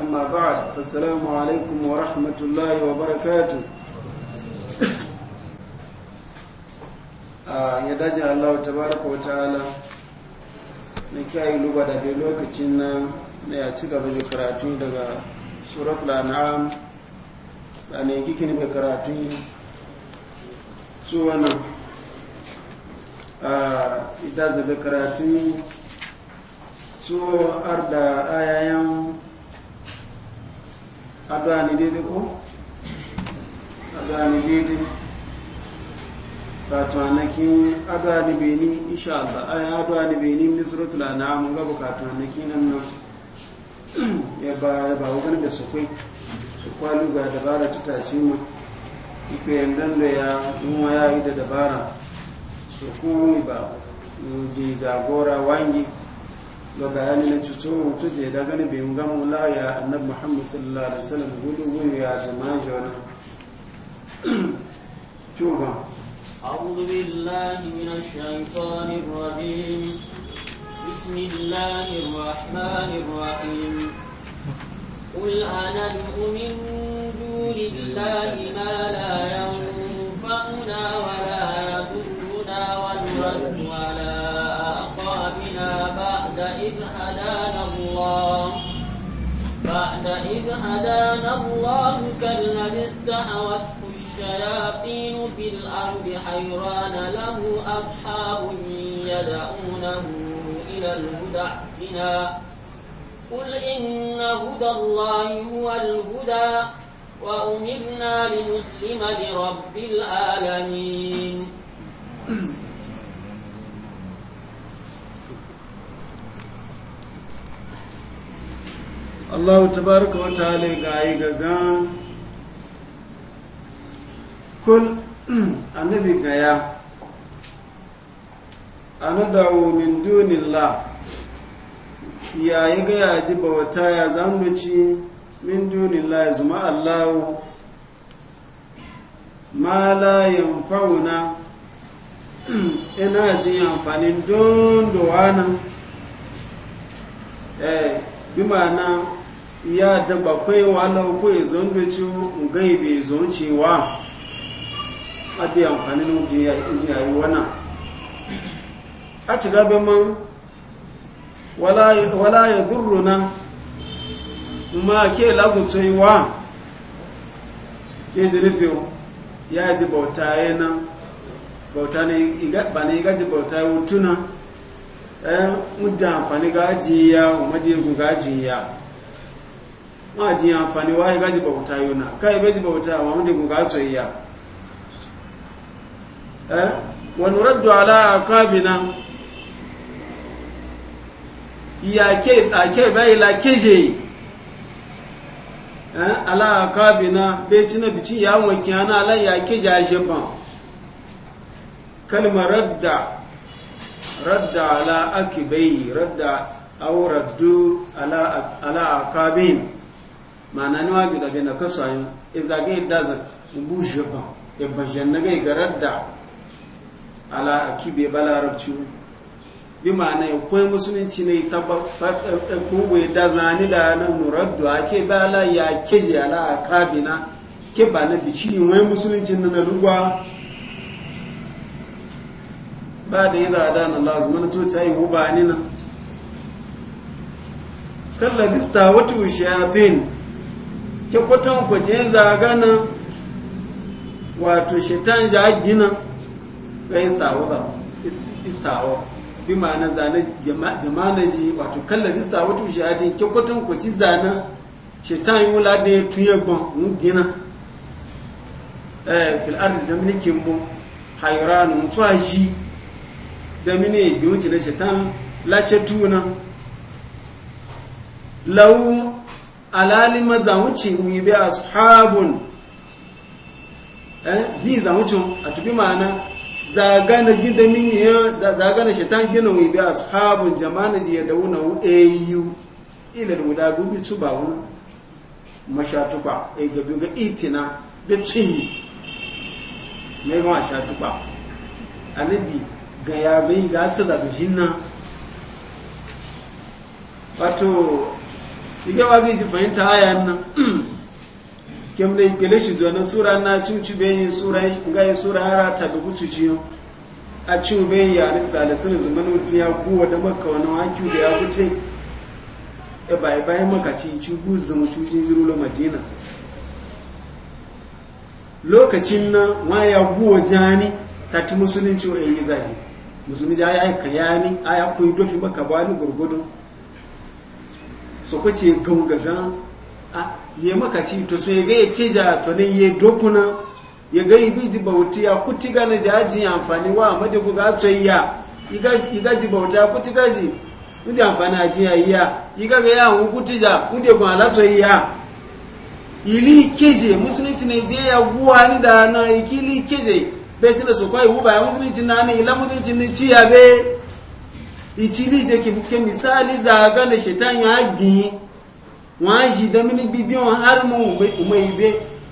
أما بعد فالسلام عليكم ورحمة الله وبركاته يدجى الله تبارك وتعالى نكاي لغة دبيلوك تشينا نياتيك بذكراتي دغا سورة الأنعام لأنه يجيكني بكراتي سوانا إذا زبكراتي سوى أرضى آيام adwani ne ko adwani ne daidai wato annakin beni insha Allah ayan adwani beni min suratul an'am ga bukatu nan nan ya ba ya ba wani da su kai su kwalu ga dabara tutaci mu ipe yandan da ya mu ya ida da dabara su kuma ba mu je jagora wangi da bayani na cuto mutu je da gani bai ga mu annabi sallallahu alaihi wasallam gudu gudu ya jama'a jona cuba أعوذ بالله من الشيطان الرجيم بسم الله الرحمن الرحيم قل من دون الله تدعونه إلى الهدى ائتنا قل إن هدى الله هو الهدى وأمرنا لنسلم لرب العالمين Allah tabaraka wa ta'ala ga yi gaga kul annabi gaya da min dunilla ya yi gaya ya ji bauta ya zanduci min dunilla ya zuma allahu ma la yanfa'una ina jin amfanin dondowa nan eh bi ma'ana ya da bakwai walau ko ya zanduci gai bai zoncewa a da amfanin ujiyayi yayi wannan a ci gaba man wala ya durruna ma ke lagutsoi wa ke jirifin ya ji bauta ya nan bauta ne ba ne ji bauta ya wutuna ɗayan eh, muda amfani gaji ya umarji ku gaji ya ma ji amfani wa ya gaji bauta ya na kai bai ji bauta wa muda ku gaji ya eh, wani raddu ala akabi akabina iyake ake bai la keje eh, ala kabina be cina bici ya wanki ana ala ya keje ashe ban kalmar radda radda ala akibai radda aw raddu ala ala akabin mana ni waju da bai na kasuwa kasayin izage e dazan bu jeban e bajan na ga radda ala akibe balarabci bi ma'ana ya koyi musulunci ne kugwe da zani da nan muraddu a ke ba la ya ke ji ala a kabina ke ba na bici wai musulunci na na lugwa ba da yi za a dana lazu mana to ta yi huba ni na kalla gista wata shayatun ke kwatan kwace zagana wato shaitan ya gina ga istawa istawa bi ma'ana zane jama'a ji wato kallon rista wata jin kyakkwatan kwaci zanen shetan yi wula da ya tuye ban gina eh, fil'ar da dominikin mu hairanu mutuwa shi da bi wuce ci na shetan lace tuna lau alali maza wuce mu bi ashabun eh, zai zamucin a tubi ma'ana zagana gida miniya ya zagana shaitan gina wai biya ashabun jama'a ji ya dauna wu ayu ila da guda gubi ba wuna mashatuka e gabi ga itina da cinyi ne ma a anabi ga yabi ga su da bijinna wato igawa wagi ta fahimta ayan nan kem na ikele shi zonin sura na cuci bayan sura ga yi sura hara ta dubu cuci a ciwo bayan ya alif salisun zuman wuti ya kuwa da maka wani hakiyu da ya gute ya bayi bayan makaci ci gu zama cuci jiru la madina lokacin na ma ya guwa jani ta ti musulunci wa yi zaji musulmi ja ya yi yani a ya koyi dofi maka ba ni gurgudu so kwace gaugagan a ye makaci to so ye ga ye kija to ne ye dokuna ye ga ibi bauti ya kutiga na jaji amfani wa amade ku ga to ya iga iga bauti ya kutiga ji ndi amfani aji ya ya iga ga ya un kutija ndi ko ala to ya ili kije musulunci ne je ya guwa ni da na ikili kije beti na so kwa huba ba musulunci na ne ila musulunci ne ci ya be ichilije kimke misali za ga na shetan ya gin wọn si damini bi bi wọn mu wọn ma yi be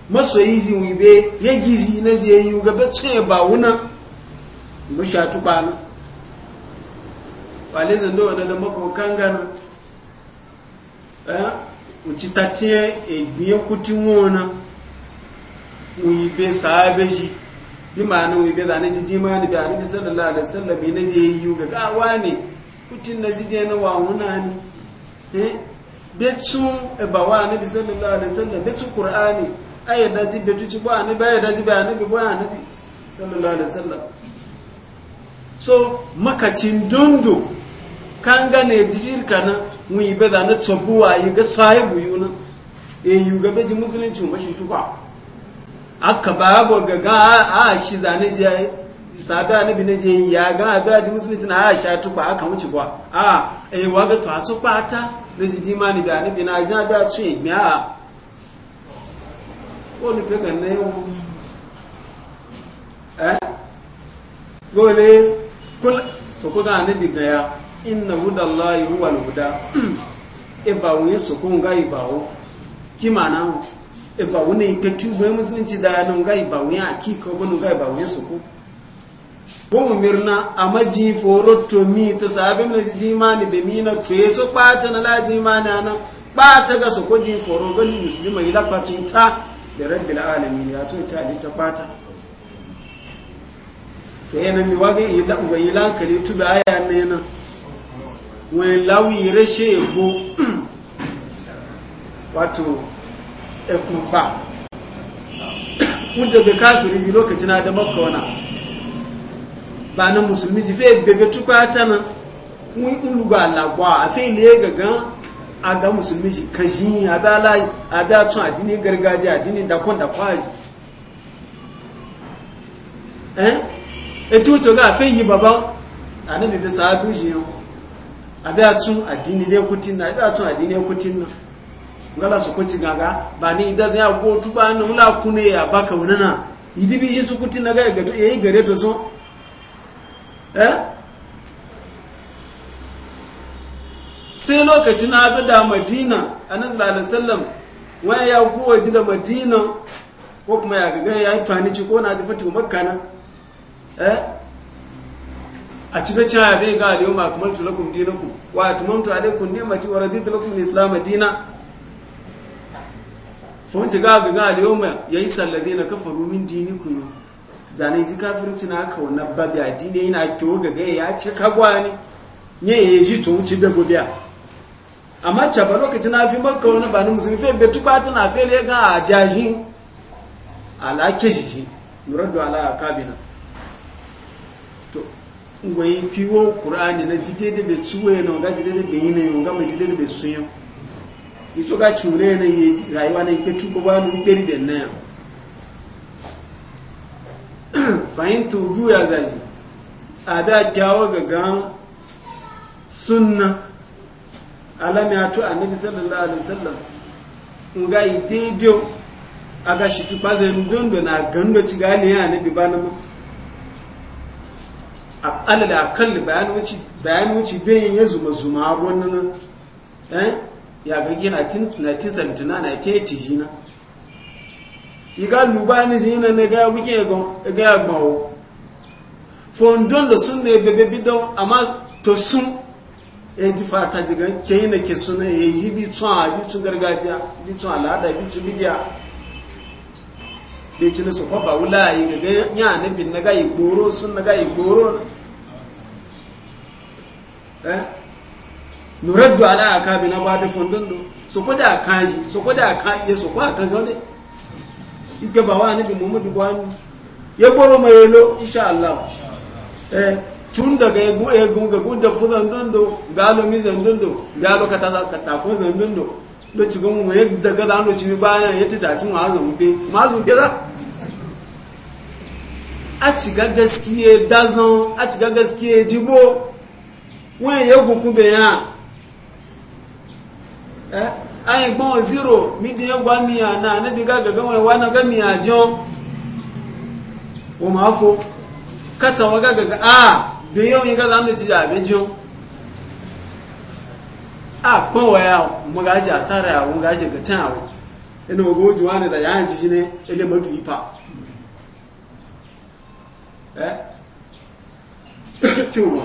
ma yi zi wọn yi be ye ji si yi na si yi o ga bɛ ba wuna mo si atukpa na wale zan do wɔde dama ko kanga na ɛ o ci ta ebi ebien kuti wɔn mu wọn yi be saa bɛ si bi maa na wọn yi be zan ne si ti maa ni bi ale bi sɛlɛ la ale sɛlɛ bi na zi yi o ga ka waa kuti na si na wa wuna ni betun ebawa anabi sallallahu alaihi wasallam betun qur'ani aya daji betu ci bo anabi aya daji ba anabi bo anabi sallallahu alaihi wasallam so makacin dundu kan gane jijir kana mu yi bada na tobuwa yi ga sahibu yuna e yu ga beji musulunci mu shi tukwa aka babo ga ga a shi zane je sabi anabi ne je ya ga ga musulunci na a sha tukwa aka mu ci kwa a e wa ga to a tukwa ta nesi ji mani da ni bina ja da ce mia a ko ni pega ne o eh gole kul so ko ga ne ya inna hudallahi huwal huda e ba wi so ko ga ibawo ki mana e ba woni ke tu be musulunci da no ga ibawo ya ki ko bo no ga ibawo so ko bo umirna amaji foro to mi to sabim na jimani da mi na to yeto pata na la jimani ana pata ga so koji foro ga yi ila patinta da rabbil alamin ya to ta di ta kwata. to yana mi wa ila yi ila kali tu da aya e e na yana wani lawi reshe go wato ekun pa mun da yi lokacin da makka wana ba na musulmi ti fe bebe tukwa ta na lugba alagwa a fe ile gagan a ga musulmi ji abe a da tun adini gargajiya adini dakon da ji eh eto to ga fe yi baba bebe da abu ji yau a da tun adini dai kutin na a da tun adini kutin na ngala su kwaci gaga ba ni idan zai agotu ba ni mula kune ya baka wunana idibi yi su kutin na ga ya gare to sun Eh? sai lokacin abi da madina a sallallahu alisallam wasallam wani ya kuwa ji da madina ko kuma ya gaga ya yi tani ci ko na ji fatu makka na eh a ci bacin abi ga aliyu ma kamar wa a tumantu a atmamtu alaikum mati wa razi tulakun al-islam madina sun ci ga gaga aliyu ma ya yi yayi salladina kafaru min dinikum zane ji kafirci na aka wani babi adini yana kyo gaga ya ci kagwa ne ya ji tun ci bebo biya amma caba lokacin na fi maka wani ba ni musulmi fe betu ba ta fe ga a daji ala ke shi shi nuradu ala kabina to ngwai piwo qur'ani na jide da be tsuwe na ga jide da be ga jide da be sunyo iso ga chure na ye rayuwa na ba na fahim tubu ya zaji a da kyawo gaga suna alam ya a annabi sallallahu alaihi wasallam nga a ga shi tupa zai dundu na gando ci gani ya nabi ba na alal akal bayan wuci bayan wuci bayan ya zuma zuma wannan eh ya ga gina 1979 1980 jina iga luba ni zina ne ga wike go ga gbawo fondon da sun ne bebe bido amma to sun e ti fata jiga ke ne ke sun e yi bi tun a bi tun gargajiya bi tun alada bi tun bidiya be ci ne su ko ba wula yi ga nya ne bi na ga igboro sun na ga igboro eh nuraddu ala bi akabina ba da fondon do so ko da kaji so ko kan kaji so ko akan zo ne igbe ba wa nabi muhammadu gwani ya gboro mai yelo insha Allah eh tun daga egu egu ga gunda fuzan dondo ga alomi zandondo ga alo kata kata ko zandondo lo ci gomu mu yadda ga zan lo ci ba na yata ta tun azu mu be ma zu ke za a ci ga gaskiye dazan a ci ga gaskiye jibo wani ya gukube ya eh anyị gbọ́n zero mídí na miya náà níbi gágagá wọn wá náà gámi àjọ wọ́n máa fó kátà wọn gágagá a bí yóò yí gázà ní ti yà bí jọ a kwan waya mo gaji asara ya mo gaji ga ya awo ina ogo juwa ne da yayin jiji ne ele eh tuma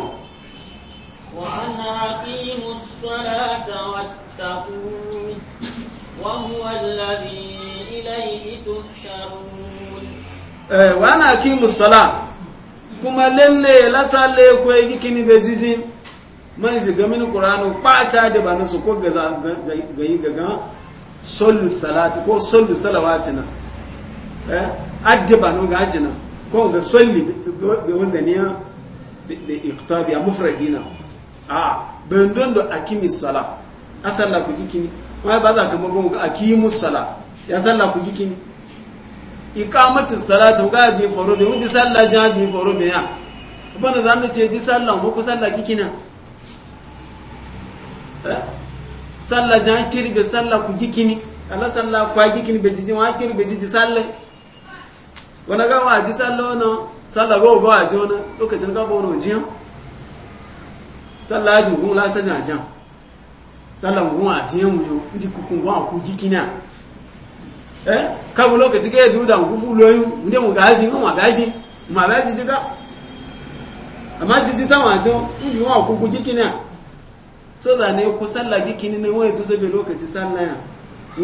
wa an aqimu تتقون وهو الذي إليه تحشرون وانا أقيم الصلاة kuma lalle lasalle ko yi kini be jijin man zi ga mini qur'anu bata da ba nasu ko ga ga yi ga sallu salati ko sallu salawatina eh adde ba no ga jina ko ga salli be wazaniya da iqtabi mufradina a ah, bandon da akimi salat a sallah ku ni, wai ba za ka mago ga aqimus sala ya sallah ku kikini iqamatu salatu ga ji faro be wuji sallah ja ji faro be ya bana za mu ce ji sallah ko sallah ne? Eh? sallah ja kirbe sallah ku ni? ala sallah kiki kikini be ji wa kirbe ji sallah wani ga wa ji sallah no sallah go go a jona lokacin ga bono jiyan sallah ju mun la sanan jan sallan kuma a jiyan wuyo ndi kukun kuma ku jikina eh kabu lokaci ke duda ku fu loyu ndi mu gaji mu gaji mu gaji jika amma jiji sama to ndi wa ku ku so da ne ku sallah gikini ne wai tuzo be lokaci sallah ya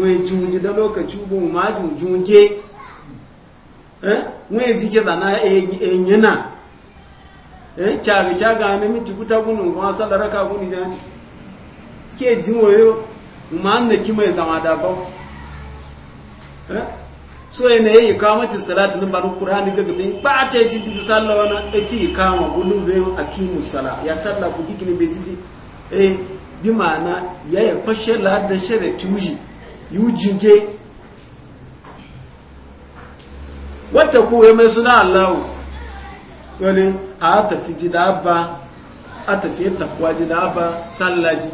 wai junji da lokaci ma eh, na e, e eh, ne miti kuta gunu kuma sallah raka kunu jani ke ji wayo ma na ki mai zama da ba eh? so na yi kamata salatu na baru kurani ga gabe ba ta ji ji sallah wana ati e kama gulu a akimu sala ya salla ku ne bai ciki eh bi ma'ana ya yi fashe la'adda shere tuji yi yujige wata ku ya mai suna allahu wani a tafi ji da ba a tafi takwa ji da ba sallaji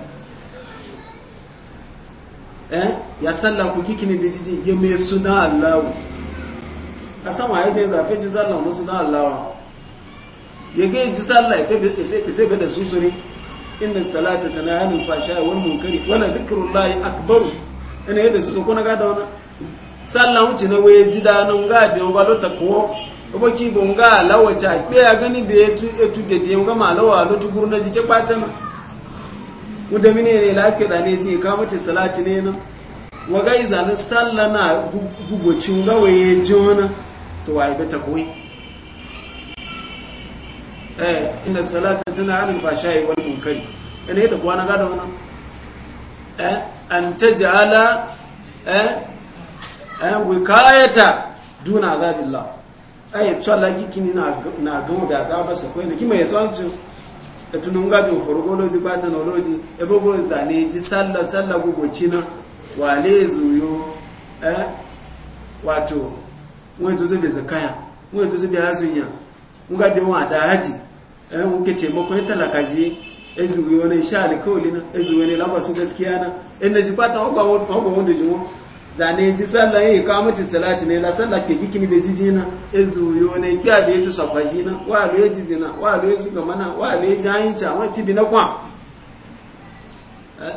eh ya sallan ku kikini jiji ya me suna Allah asan waye je zafe ji sallan mu suna Allah ya ga ji sallan ife ife ga da susuri inna salata tanahana fasha fahsha'i wal munkari wala dhikrullahi akbar ina yadda su ko na ga da wannan sallan wuce na waye ji da nan ga da ba ta ko obo ki bo nga lawa ta pe gani be etu etu de de nga ma lawa lo tu gurna ji ke patama kuda mine ne lafiya da ne ti ka mace salati ne nan waga izani salla na gugocin gawaye jona to wa ibe ta koyi eh inda salati tana fasha yi wani kunkari ina ita kuwa na gada wannan eh an ala eh eh wikayata duna azabillah ai tsalla gikini na na gamo da zaba su kwai na kima ya tsantsu ẹtùnú ń gájò fòrókó lóti pátá náà lóti ẹgbogbo ìsàlẹ̀jì sálà sálà gbogbo china wà eh? eh? na zòyó ẹ́ wàtò wọ́n ètò tó bèsè káyà wọ́n ètò tó bèsè yàn wọ́n gájò wọn àdáhájì ẹ́ wọ́n kẹtẹ̀ mọ́kùnrin tàlàkàjì ẹzùwé wọn iṣẹ́ àlẹ́kọ́ òlé ne ẹzùwé ní lábàsó gaskiya náà ẹnẹ́jì pátá wọ́n gbà zane ji sallah yi kamati salati ne la sallah ke gikin be jijina ezuyo ne gba be to safajina wa lo ji zina wa lo ji gamana wa le jayin cha wa tibi na kwa eh?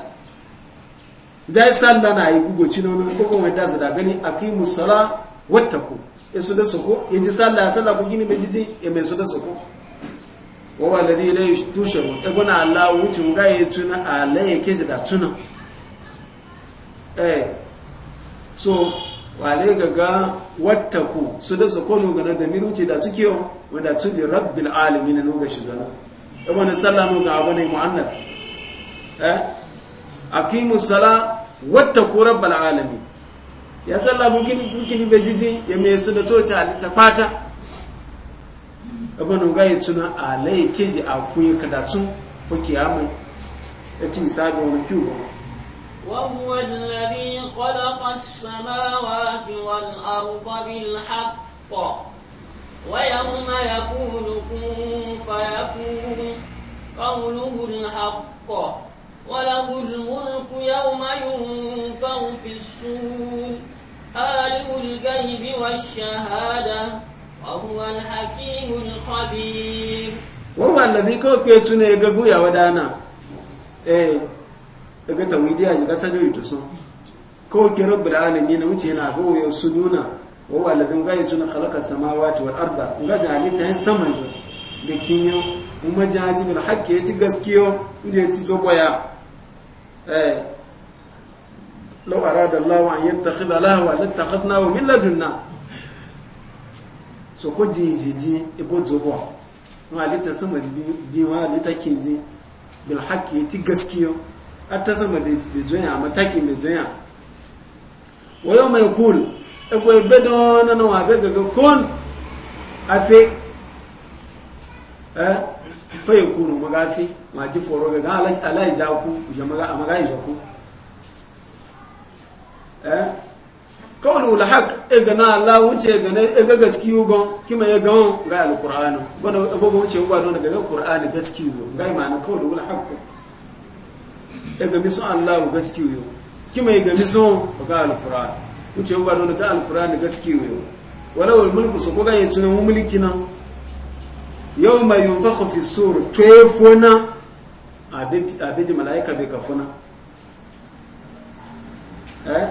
da sallah na yi gugo cino no ko kuma da zada gani aqimu sala wattaku esu da soko yaji e sallah sallah ku gini be jiji e me su da soko wa walladhi ilayhi tushabu e gona allah wuce mu ga yi tuna alai ke da tuna eh so wale gaga wattaku su da su kono ga da miruci da suke yau wanda su bi rabbil alamin na lokaci zana wani sallama ga abu ne mu'annath eh musala sala wattaku rabbil alamin ya sallamu kini bai jiji ya mai su da a ta fata ibn ga ya tuna alai kiji akuyi kada tun fa ya yatin sabi wani kyuba وهو الذي خلق السماوات والأرض بالحق ويوم يقول كن فيكون قوله الحق وله الملك يوم ينفع في السور عالم الغيب والشهادة وهو الحكيم الخبير وهو الذي كوكيتنا يقول يا ودانا ايه daga tawidi a shiga sadari to sun ko ke alami na wuce yana ga wayo sununa wa huwa alladhi ghayatuna khalaqa samawati wal arda ga jalita yin saman sama da kinyo kuma jaji bil ya ci gaskiyo inda ya ci boya eh law arada lawa an yi lawa yattakhidha lahwa lattakhadnahu min ladunna so ko jijiji ibo e zobo wa lita sama jiwa lita kinji bil ya ci gaskiyo ta sama da juya mataki mai juya wayo mai kul efo ebe don na wa be gaga kun afe eh fa maga magafi ma ji foro gaga alai ja ku je maga maga ja ku eh kawulu lahaq e gana la wuce gane e ga gaskiyu gon kima ya gon ga alqur'ani gwada bogo wuce uba don daga qur'ani gaskiyu ga imana kawulu lahaq ya daga miso Allah gaskiyo yo kima gami sun ga alquran wuce ba da wani ga alquran gaskiyo yo wala wal mulki su ko ga yace mu mulki nan yau mai yi yunfakhu kofi sur tayfuna abeji malaika bai kafuna eh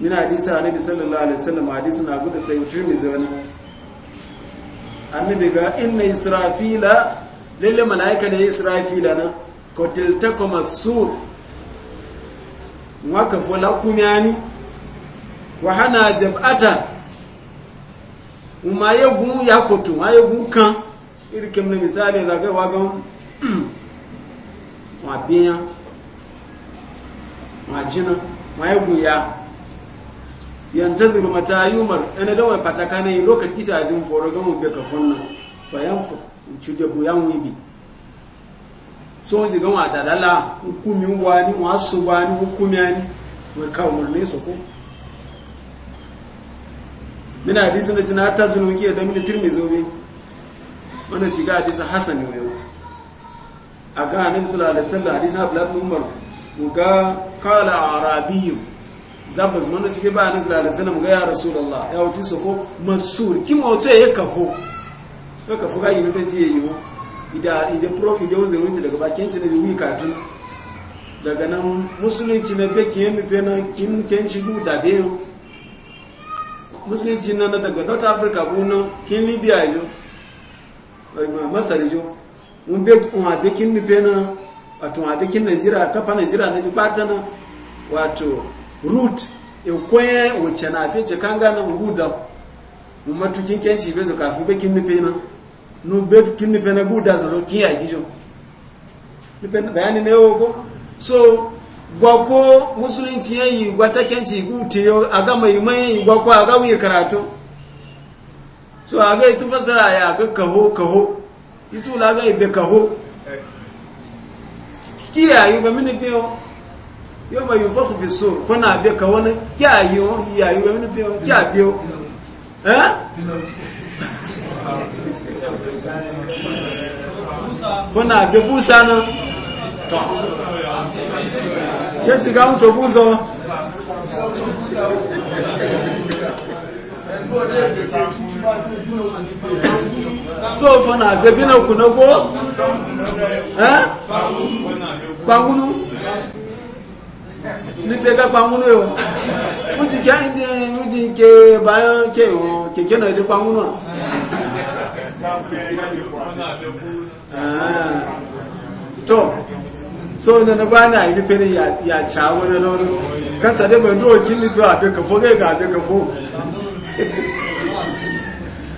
min hadisi annabi sallallahu alaihi wasallam hadisin abu da sai tirmizi wani annabi ga inna israfila lalle malaika ne israfila na kotiltako masu mwaka vola kumyani wahana jab'ata uma ya yakotu ya kotu kan iri kem na misali ga wagan ma majina ma jina ya gumu ya yantaziru mata yumar ana da wani patakana yi lokacin kita ajin foro gamu be ka fonna fa yanfu chude bu yan wibi so wọ́n ti gan wọ́n àdàdálà nkúmi wa ni wọ́n aṣọ wa ni wọ́n kúmi ani wọ́n ká wọn lè sọ́kọ́ mina hadisi na cina ta zunu kiyar da mini tirmi zobe wanda shiga hadisi hasan ne yau a ga hannun sallallahu alaihi wasallam hadisi abu lafi mu ga kala arabiyu zaba zuwa na cike ba hannun sallallahu alaihi mu ga ya rasulallah ya wuce sako masur kima wuce ya kafo ya kafo ga yi na ta jiye yi wa idan profi prof ida wanzu wanzu daga bakin ci na juwi katun daga nan musulunci na fe kiyen mi fe na kin ken du da be musulunci na daga north africa bu na kin libya jo masar jo mun be kun a be kin mi fe na wato a be kin nigeria kafa nigeria na ji bata na wato root e koyen wuce na fe ce kanga na gudan matukin kenci bezo kafin be kin mi fe na nu bet kin ni pena guda za pena bayani ne yo ko so gwako musulunci yayi gwata kenci gute yo aga mai mai gwako aga wi karatu so aga itu fasara ya ga kaho kaho itu la ga ibe kaho kiya yi ba mini biyo yo ma yunfaku fi sur na be ka wani kiya yi yo yi kiya biyo kuna fi busa nan to so na kuna ko ka bangunu yo mu ti to so na na bana yi fere ya ya chawo na lori kan sa de bando kili a fi kafo foge ga fi kafo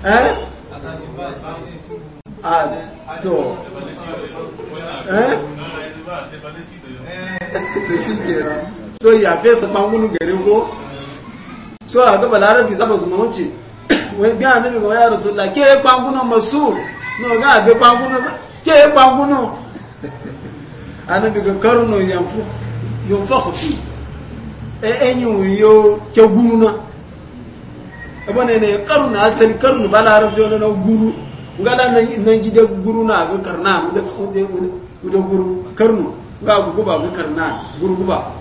eh ah to eh to shi kera so ya fesa bangunu gare ko so a gaba larabi zaba zumanci wai bi annabi ga ya rasulullah ke panguno masu no ga be panguno ke panguno annabi ga karno yanfu yunfakhu fi e eh, enyu eh, yo ke guruna abane ne karuna asali karnu bala arabjo na guru ngala nan gide guru na ga karna mu mu da karnu ga guba ga karna guru guba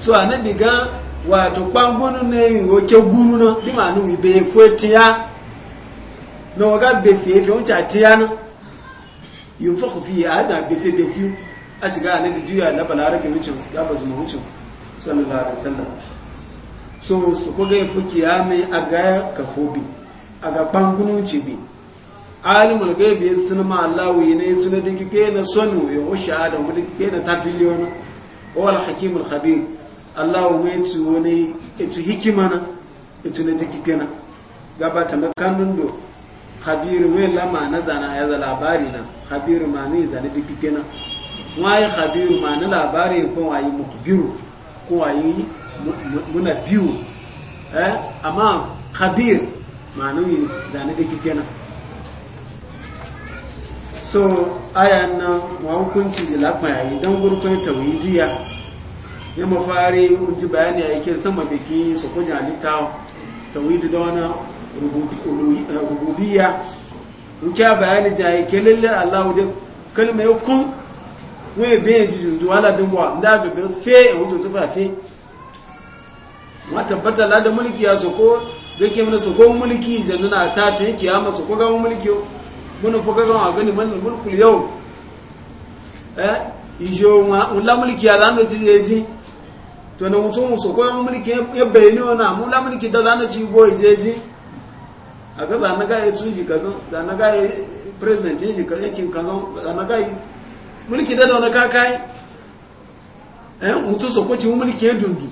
so annabi wato kpangbonu ne iwoke guru na bi ma nu ibe efo tiya na waga befe efe wuce a tiya na yin fa kufi ya aja befe befe a shiga a nabi juya na balarabe wucin ya ba zuma wucin sallallahu alaihi wasallam so su ko ga efo kiyame a ga kafobi a ga kpangbonu ci bi alimul gaibi ya tuna ma allahu yi ne ya tuna da kike na sonu ya wuce adam da kike na tafiliyon wal hakimul khabir Allah wetu wani etu hikima na etu ne ta kike na gabata na kanun do khabiru we lama na zana ya za labari na khabiru ma ne zane da kike na wai khabiru ma na labari ko wai mukbiru ko wai muna biyu eh amma khabir ma ne zane da kike na so ayan na wa hukunci da lafayi dan gurkun tawhidiya ya mafari ji bayani a yake sama biki su kujan halitta tawhidu da wani eh, rububiya in kya bayani ja yake lalle allahu da kalma ya kun wani bayan ji juju wala dubuwa da ga fe a e wujo tufa fe wata tabbata la da mulki ya su ko da ke mana su ko mulki tatu ya ke kiyama su ko gama mulki mun fa ga gama gani man mulkul yau eh ijo ma ulamulki ya zan ya ji to na mutum musu ko mulki ya bayani wana mu la mulki da zana ci boy jeji a ga zana ga ya tsuji kazan zan ga ya president ya ji kazan kin kazan zana ga mulki da wani kakai eh mutum so ko ci mulki ya dundu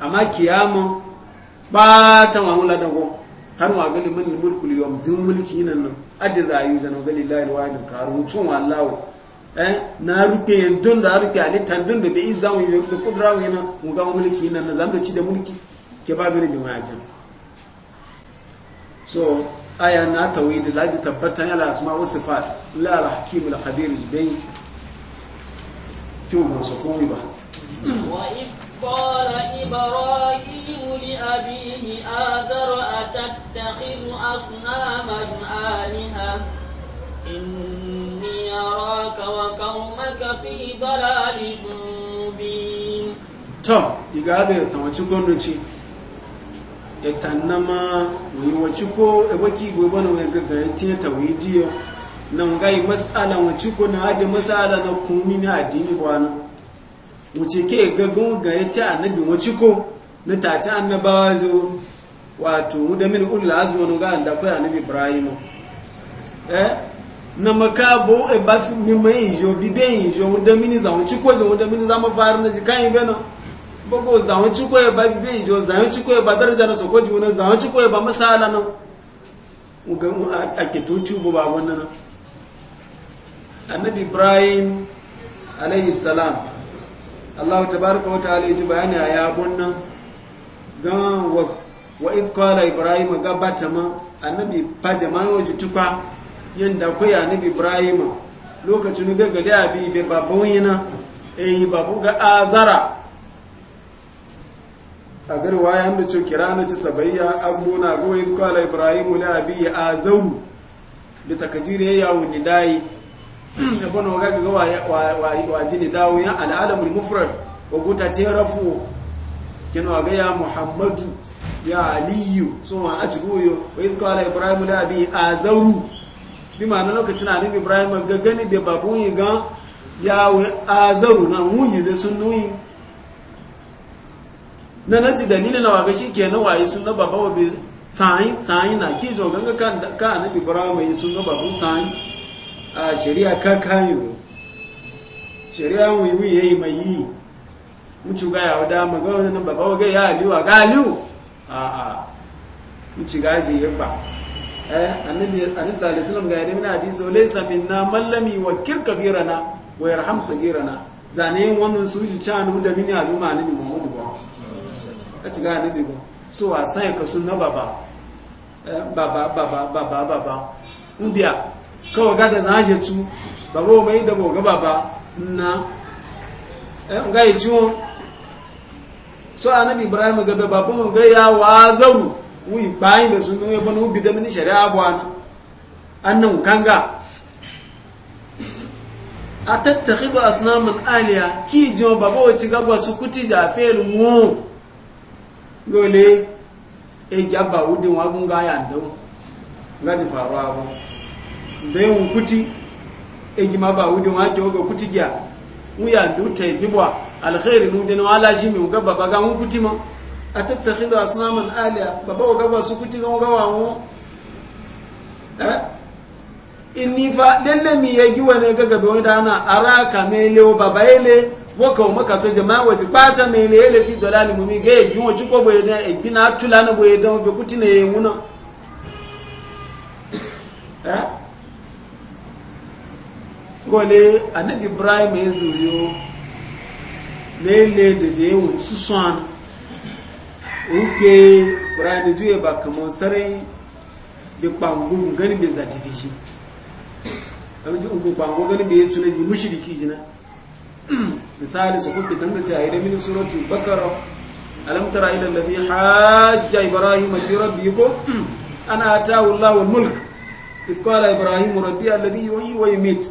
amma kiyama ba ta wa mula dago har wa gali mun mulkul yawm zin mulki nan nan adda za yi zanu gali lillahi wahidin karu mutum wallahu Eh, na rufe yandun da rufe halittar dun da bai yi yi da kudura wani na muga mulki nan na da ci da mulki ke ba gani bin wajen so aya na tawi da laji tabbatan yana asma wasu fat la al hakim al khabir bai kyau su komai ba قال إبراهيم لأبيه آذر أتتخذ أصناما آلهة إن يراك وقومك في ضلال مبين تو يغادي تمچي گوندچي يتنما ويوچكو ابوكي گوبانو يگگاي تي bana nan gai mas'ala waciko na hadi mas'ala na kunni na addini bwana wuce ke gagun ga yatin annabi waciko na tati annabawa zo wato da min ulul azmi ga annabi ibrahim eh na makabo e ba fi mimma injo bibe injo da mini za wani ciko je da mini za mu fara na ji kai ibe na bogo za wani ciko e ba bibe injo za wani ciko e ba daraja na soko ji na za wani ciko e ba masala na uga a ke to bo ba wannan na annabi ibrahim alayhi salam allah tabaaraka wa ta'ala ya bayani a ya nan gan wa wa if qala ibrahim gabatama annabi fa jama'a wajitukwa yadda ko ya nabi ibrahim lokacin da ga da bi be babun yana eh babu ga azara a garwa ya da kira na ci sabayya abuna go yi kwala ibrahim la abi azaru da takadiri ya yawon nidayi da kwanu ga ga wa wa jini dawo ya al'alamul mufrad wa ce rafu kinu ga ya muhammadu ya aliyu so ma a cikin goyo wa yi kwala ibrahim la abi azaru bi na lokacin annabi ibrahim ga gani bai babu yi ga yawon azaru na munyi da sun nuyi na na ti dalilin na waga ke na waye sun na baba tsayi-tsayi na ke zo ganga ka annabi ibrahim yi sun na babu tsayi? a shari'a ka kayo shari'a wuyi ya yi mai yi mutu ga a ga Eh, annabi sallallahu alaihi wasallam ga yadda muna hadisi laysa minna man lam yuwakkir kabirana wa yarham sagirana zane yin wannan suji can da mini aluma annabi Muhammad ba a ci ga annabi ba so a sai ka sunna eh, baba baba baba baba baba umbiya kawai gada zan zaje tu baba mai da boga baba na eh ga yi ciwo so annabi Ibrahim ga baba mun ga ya wazaru wuyi bayin da sun yi bani ubi da mini shari'a abuwa na annan kanga a tattaki ba asnamin aliya ki ji jiwa baba wace gaba su kuti da fayar mu gole e gaba wudin wagun gaya da gaji faruwa ba da yin kuti e gima ba wudin wake waga kuti gya wuya da wuta yi bibwa alkhairi nudin wala shi mai gaba ba ga mun kuti ma a tattakhidhu asnaman aliya baba wa gaba su kuti gan gawa mu eh inni fa lalle mi yagi wane ga gaba wani dana araka mele o baba ele waka o maka to jama'a waje bata mele ele fi dalali mu mi ga yagi wo chuko boye na e bina tula na boye da be kuti ne yuna eh gole annabi ibrahim ya zuriyo lele da da yawon susuwa uke ƙurani juye ba kamar sarai da kwangu gani bai zati da shi abinci uku kwangu gani bai yato na ji mushiriki jina misali su kuka tanga ce a yi da mini suratu bakara alamtara ilan da fi hajja ibrahim fi rabbi ko ana ta wallawar mulk if kala ibrahim rabbi alladhi yuhyi wa yumit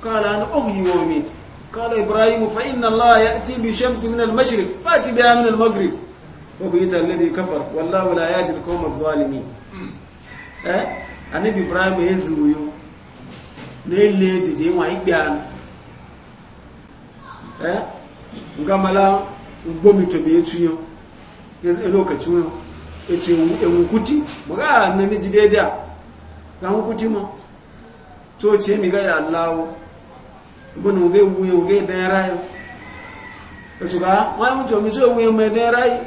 kala ana uhyi wa yumit kala ibrahim fa inna allaha ya'ti bi shamsi min al-mashriq fa'ti biha min al-maghrib وبيت الذي كفر والله لا يهدي القوم الظالمين eh anabi ibrahim ezuru yo na ele dide nwa igbe ana eh ngamala ngbomi to be etu yo yes lokaci yo etu ewu kuti maga na ni jide da ga kuti mo to ce mi ga ya allah bunu be wuye wuye da rayo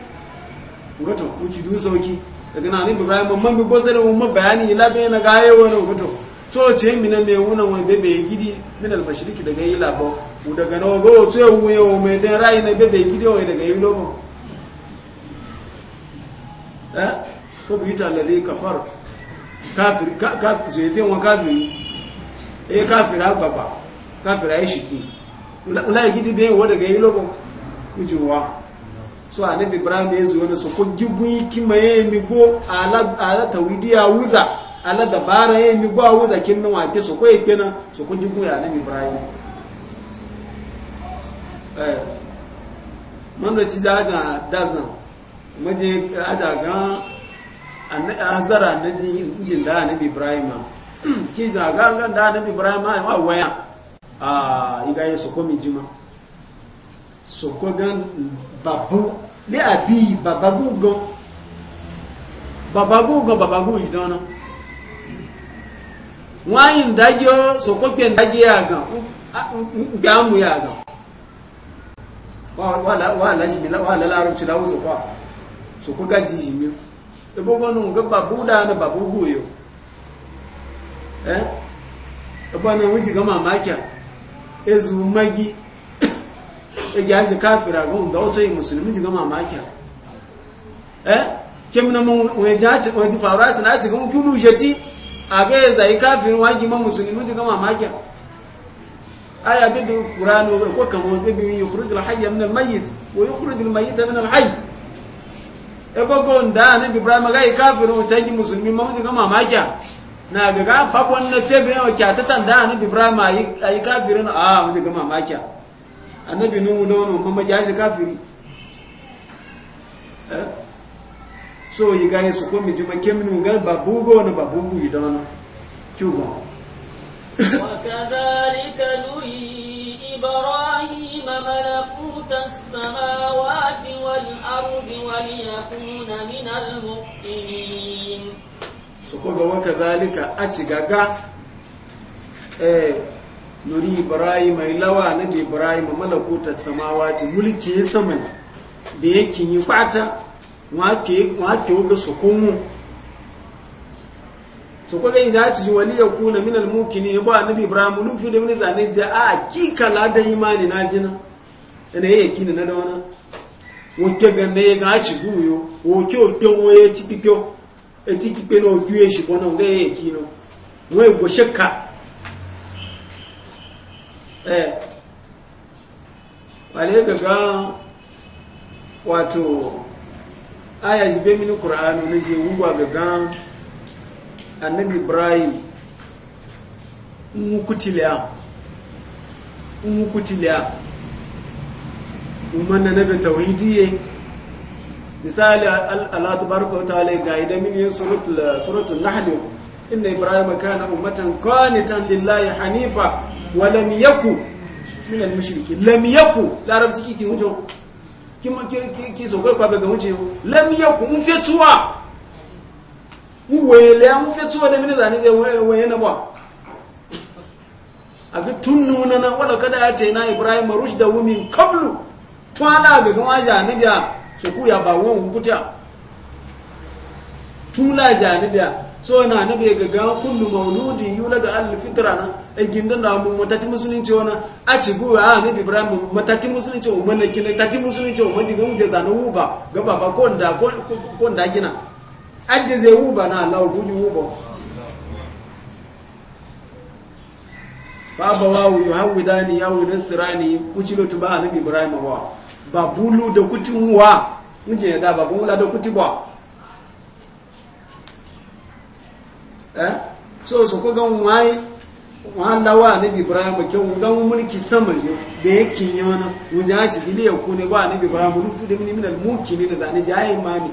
goto kuci du sauki daga nan ibrahim mamman bi da mamman bayani ila bayan na gaye wani goto to ce mi na me wuna wani bebe gidi min al mashriki daga yi labo ku daga no go to ya wuye o mai dan rai na bebe gidi o daga yi lobo eh ko bi ta alladhi kafar kafir ka ka so yafi wa kafir eh kafir agbaba kafir shi ki ula gidi be wo daga yi lobo ujuwa so anabi ibrahim ya zuwa su ko gigun kima ya mi go ala ala tawidi ya wuza ala dabara ya migo a wuza kin nan wake so ko ya kena so ko gigun ya anabi ibrahim eh man da ci da da dazan maje aja ga azara na ji jin da anabi ibrahim ki ja ga da anabi ibrahim ma waya ah iga yi so ko mi jima so ko gan babu le a babagugo babagugo babagu idono nwaanyi dajo so ko pe ndaje agan gba mu ya agan wa wa la wa la jimi la wa la la ru ci dawo so ko babu da na babu huyo eh e bo na wuji ga ezu magi ege haji kafira ga wanda wato yi musulmi ji gama maki eh kim na mun waje waje faru na haji ga mun kulu jati a ga ya zai kafirin wagi ma musulmi ji aya ko kama bi bi yukhrij al hayy min al mayyit wa yukhrij al mayyit min al hayy e nda ibrahim ga yi kafirin wace gi musulmi ma na ga ga babon na wa kyatatan da ne bi ibrahim ayi kafirin a ji annabi nuhu da wani umma majaji kafiri eh? so yi gani su kuma jima kemnu gal babu go na babu bu idan wani cuba وكذلك نري إبراهيم ملكوت السماوات والأرض وليكون من المؤمنين وكذلك nuri ibrahim ai lawa na da ibrahim malakutar samawati mulki ya sama da yake yi kwata wake su sukunmu su kwaga za ci ji wani ya kuna minal ne ya ba nabi ibrahim lufi da wani zane zai a kika ladan imani na jina ina yi yaki na da wani wake ga ya ga ci guyo wake oke waye kyau ya eti kikpe na oju ya shi ọ̀gá ẹ̀yẹ kí yaki na, wani ṣẹ́ka eh wale ga wato aya be mini qur'anu na je wugwa ga annabi ibrahim mukutilia mukutilia umanna na tawhidiye misali Allah tabaraka wa wale ga yi damin yin suratul suratul inda ibrahim ibrahima kana ummatan kwanitan lillahi hanifa wa lam yaku min al mushriki lam yaku larabci ki ti wujo ki ki ki so ko pa be wuce lam yaku mun fe tuwa wele mun fe tuwa da mini zani je waye na ba aga tunnuna na wala kada ya ce na ibrahim rushda min qablu twala ga gama janibiya so ku ya ba won guta tula janibiya so na na bai gaga kullu mauludi yula da al fitra na e ginda na mu matati musulunci wana a ci guwa a ne mu matati musulunci o mana kile tati musulunci o maji gamu da zanu uba ga baba ko nda ko nda gina adde zai uba na allah ni uba baba wawu yuhawidani yawu nasrani kucilo bi bra ibrahim wa babulu da mu je da la da kutibwa Eh? so so ko gan wai wallawa nabi ibrahim ke gan mulki sama yo da yake yana wuja ci dile ya ku ne ba nabi ibrahim mun fude min min al mukini da zane ji ayi mami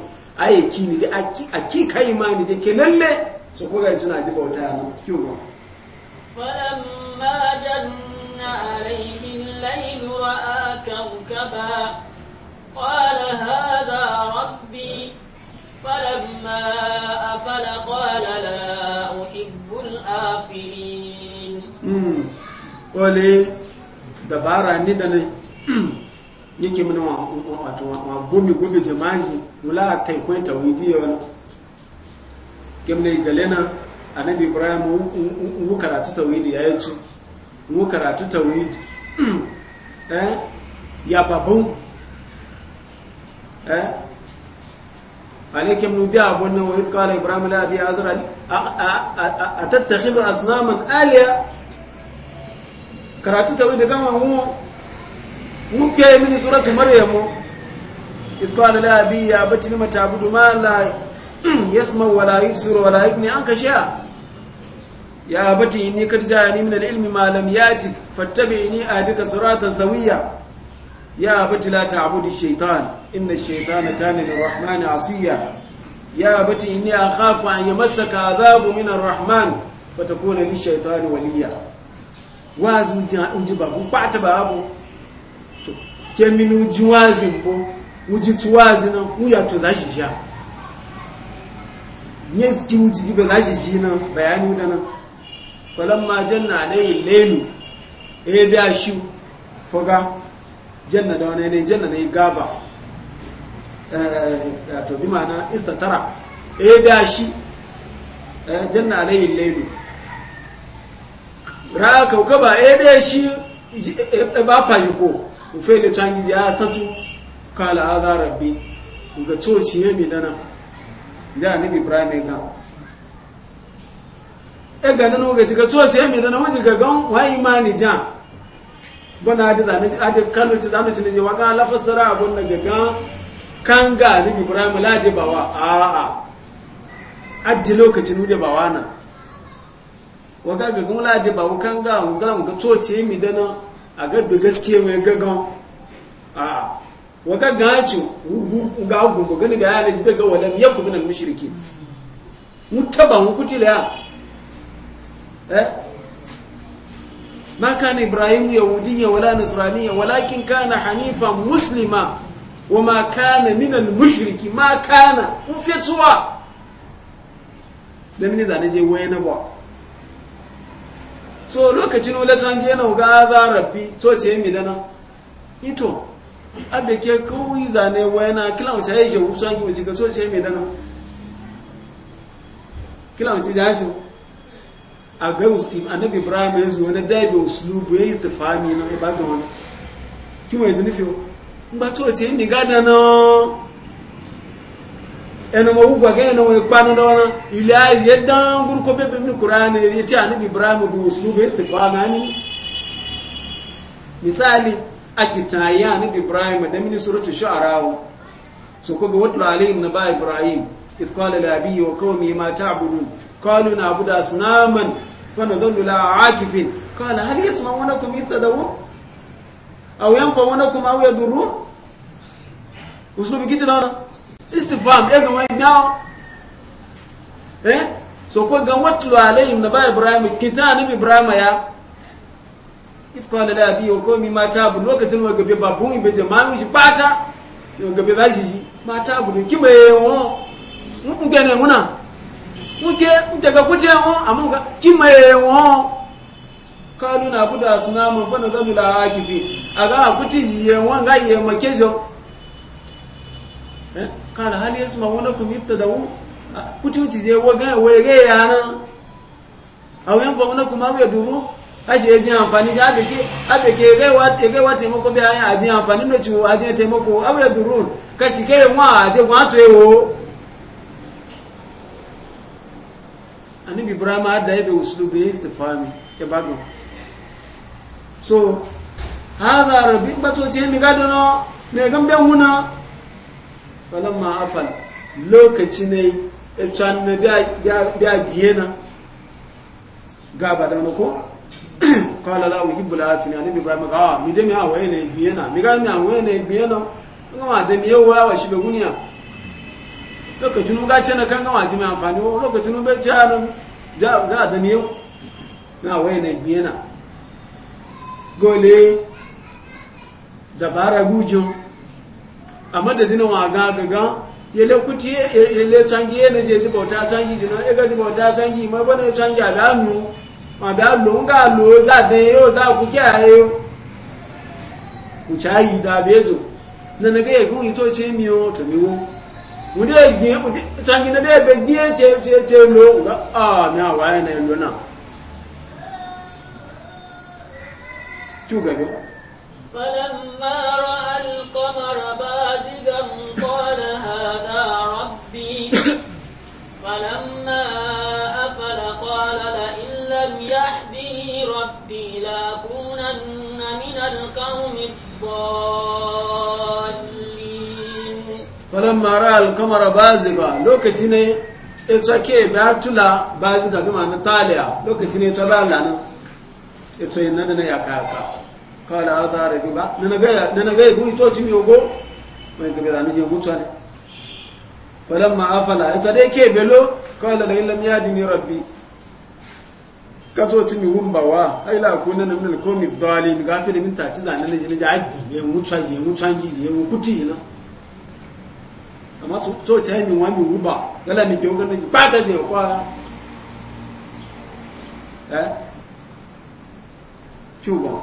kini da aki aki kai mami da ke lalle so ko ga suna ji bauta yana kiyo ba falamma janna alayhi al-layl ra'a kawkaba qala hada rabbi فلما أفل قال لا أحب الآفلين ولي dabara ni da nai a mana wato wa gumi gumi jama'i wula kai kwai tawhidi wala kemne galena annabi ibrahim wu karatu tawhidi ya yace wu karatu eh ya babu. عليكم نبيع بنا وإذ قال إبراهيم لا أبي أزرع أتتخذ أصناما آلية كراتو تويد كما هو مكي من سورة مريم إذ قال لا أبي يا أبت لم تعبد ما لا يسمع ولا يبصر ولا يبني عنك شيئا يا أبت إني قد جاءني من العلم ما لم يأتك فاتبعني أهدك صراطا سويا يا أبت لا تعبد الشيطان إن الشيطان كان للرحمن عصيا يا أبت إني أخاف أن يمسك عذاب من الرحمن فتكون للشيطان وليا wazi ujibabu pata babu kemini ujiwazi mbo ujituwazi na uyatu za jija nyeski ujijibe za jijina bayani udana falamma janna alayhi lailu ebe ashu foga janna da wani ne janna ne gaba eh, eh, to bi ma'ana istatara e eh, da shi janna alayhi laylu ra kaukaba e da shi ba fa ko. ku fe da tangi ya ah, satu kala adha rabbi ga coci ya mi dana da ni bi ibrahim ga e ga nan ga coci ya mi dana waje ga gan ma imani jan bana da zane ade kanu ci zanu ci ne wa ga la fasara abun na gaga kan ga ni ibrahim la de bawa a a addi lokacin mu de bawa na wa ga ga gun la de bawa kan ga mun ga mun ga toce mi dana a ga da gaskiya mai gaga a wa ga ga ci ga gungu ga ni ga ya ne daga walam yakun min al mushrikin mutaban kutila eh ما كان إبراهيم يهوديا ولا نصرانيا ولكن كان حنيفا مسلما وما كان من المشرك ما كان وفتوى da mini zane je waye na ba so lokacin wula can gena ga za rabbi to ce mi dana ito abe ke kawai zane waye na kila wuce ya yi jawu sanki wuce ga to ce mi dana kila wuce ya yi jawu a ga annabi ibrahim ya zuwa na daibe usulubu ya yi istifami na ya baga wani kima yanzu nufi ba to ce ni gada na ẹnu mo wúgbà gẹ́gẹ́ na wọ́n ipa nínú wọn ilé ayé dán gúrúkọ bẹ́bẹ̀ ní kùránì yẹ tí annabi ibrahim bu uslubu ya istifami ni misali akitan ya annabi ibrahim da mini suratu shu'ara so ko ga wadda alayhim na ba ibrahim إذ قال لأبيه وقومه ما abudu. قالوا نعبد أصناما فنظل لها عاكفين قال هل يسمعونكم إذ تدعون أو ينفعونكم أو يضرون usulubin kici na istifam ya gama yawo eh so ko ga watlu alayhim naba ibrahim kitan ibrahim ya if kana da bi ko mi mata bu lokacin wa gabe babun ibe jama'u shi bata yo gabe za shi shi mata bu ki mai wo mun gane muna nwoke daga kuce wọn amma ka kimaye wọn kalu na kuda na mun fana gazu la akifi aga akuti ye wọn ga ye makejo eh kana hali yasma wana kum ibtadawu kuti uti je waga wege yana aw yan fawna kum aw yaduru ashe ye amfani ja beke abeke ge wa te ge wa te moko bi ayin amfani no ci ajin te moko ewo annabi ibrahim da ya bai uslubin istifami ya bago so haza rabbi batoci mi gado no ne gamben huna falamma afal lokaci ne etan na da giyena gaba da ko kala la uhibbu la afina annabi ibrahim ga ah, mi de mi awaye ne giyena mi ga mi awaye ne giyena ngama de mi yawa wa shi be gunya lokacin ga cana kan gama ji mai amfani wa lokacin bai ci hannun za a dani yau na waye na biye na gole dabara gujin a madadin wa ga gaga ya lokuti ya le cangi ya je ji bauta cangi ji na ga ji bauta cangi mai bane cangi a da hannu ma da lo nga lo za da yau za ku kiyaye ku cayi da bezo na naga ya gun ito ce miyo to miwo E changina debe gbie e che lo nga ah e na wa na lo na chugago falamma ra al qamar bazidan qala hada rabbi falamma afala qala la illa yahdini rabbi la kunanna min falon mara alkamara ba ba lokaci ne ya tsake ba tula ba zai gabi ma na taliya lokaci ne ya tsaba lana ya tsaye na dana ya kayaka kawai a za rabi ba na na gaya gumi coci mai ogo mai gabi da nijin mutuwa ne falon ma afala ya tsade ke belo kawai da lalai ya dini rabbi katoci mai wumbawa haila ko na namin komi dalil gafi da minta ci zanen na jini ji agi ya mutuwa ya mutuwa ya mutuwa ya mutuwa amma so ta yi min wani ruba gala mi gyo gana ba ta je kwa eh cuba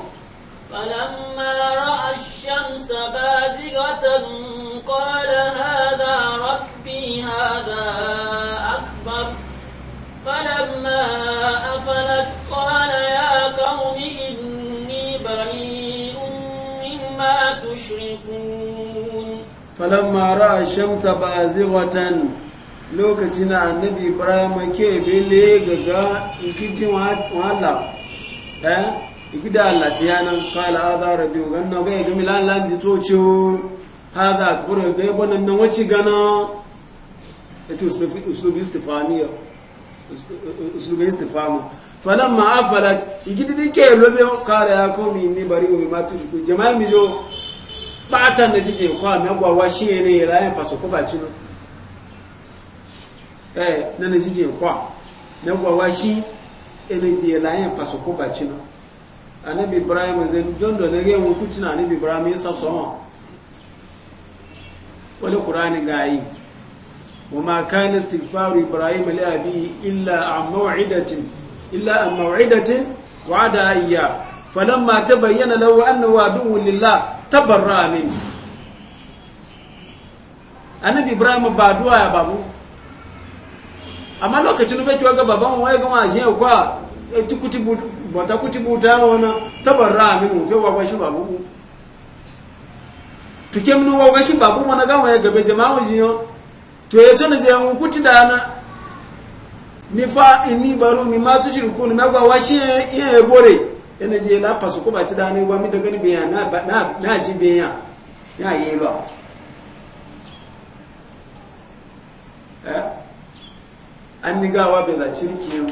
فلما رأى الشمس بازغة قال هذا ربي هذا أكبر فلما أفلت قال يا قوم إني بريء مما تشركون falamma ra'a shamsa bazighatan lokacin annabi ibrahim ke bele gaga ikiti wala eh ikida Allah tiyana qala hadha rabbi ganna ga ga milan lan ji tocho hadha kuro ga bonan nan waci gana eto uslubi istifamiya uslubi istifamu falamma afalat ikidi dike lobe qala ya qawmi inni bari'u mimma tushriku jama'a mijo pátá ní jíjẹ nǹkan àmì ọgbà wá sí ẹni ìlà ẹ̀ fàṣọkọ́ bàjí lọ ẹ̀ nínú jíjẹ nǹkan àmì ọgbà wá sí ẹni ìlà ẹ̀ fàṣọkọ́ anabi ibrahim zai jondo na gaiwa kuci na anabi ibrahim ya sa sama wani ƙurani ga yi wa ma kana istighfaru ibrahim li abi illa an maw'idatin illa an maw'idatin wa'ada iyya falamma tabayyana lahu annahu aduwwun lillah tabarra min annabi ibrahim ba duwa ya babu amma lokacin da kiwa ga baban wai ga maje kwa ti kutibu kuti kutibu ta wana tabarra min fe wa shi babu tuke mun wa shi babu mana ga wai gabe jama'u jiyo to ya tana je mun kuti da na mi fa ini baro mi ma tushirku ni ma magwa washi ye gore yana je lafa su kuma ci dani ba mi da gani biya na ji biya ya yi ba eh? an ni gawa bai la cirki yau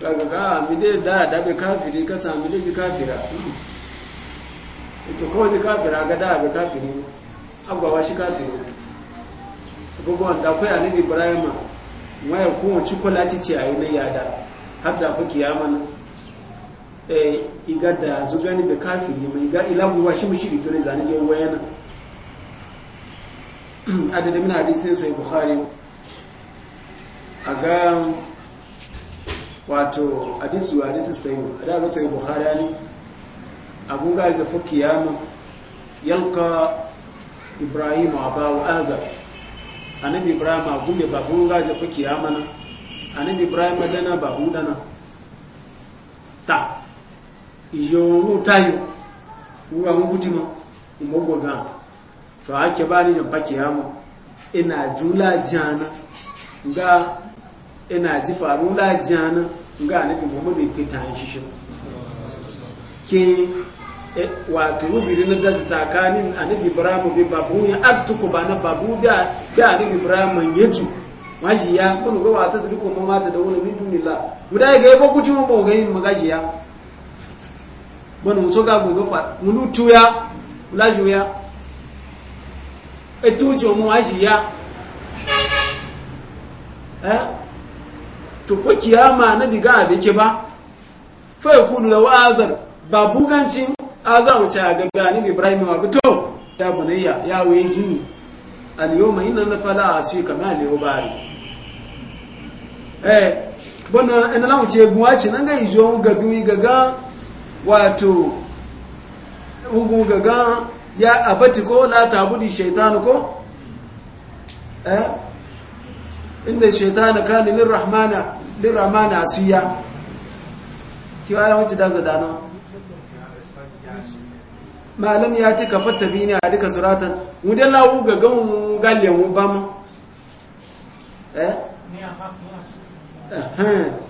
daga ga ah, mi dai da da bai kafiri ka sami dai ji kafira ita kawai ji kafira ga da bai kafiri agwawa shi kafiri abubuwan da akwai annabi ibrahim ma ya kuma ci kula ci ce a yi na yada har da fi kiyama Eh, iga da zugani da kafiri mai ga ilan buwa shi mu to ne zane je wayana adada min hadisin sai bukhari aga wato hadisu hadisin sai da ga sai bukhari ne abun ga da fukiyamu yalqa ibrahim abawu azab annabi ibrahim ba babu ga da fukiyama na annabi ibrahim dana ba hudana ta ìṣòro táyọ̀ wúwa wọn kú dìmọ̀ ìmọ̀gbọ̀ gan tó a kẹ bá níjọ bá kẹ àmọ́ ina jula jana nga ina ji faru la jana nga ne bi mu e, bi kita shi ke wa wato wuziri na dazi tsakanin annabi ibrahim bi babu ya atuku ba na babu da da annabi ibrahim ya ju maji ya kun ga wata su ko mama da wani bidunillah guda ga yabo kuji mu bogayin magaji magajiya. bọ́nà òun tó gàgbò gọ́fà múlù túyá lájúyá lájú òjò mú wá sí ya e eh to ba fa yakunu law azar ba azar wace ga ga ibrahim wa to ya bunayya ya waye gini al yawma inna nafala kama eh, bona wato ugu gaga ya abati ko la tabudi shaitanu ko eh inda shaitan kana lirrahmana lirrahmana asiya ki waya wuce da zadana malam ya ci kafa bi ne a duka suratan wudan ugu gaga mu galle mu bam eh ni a hafi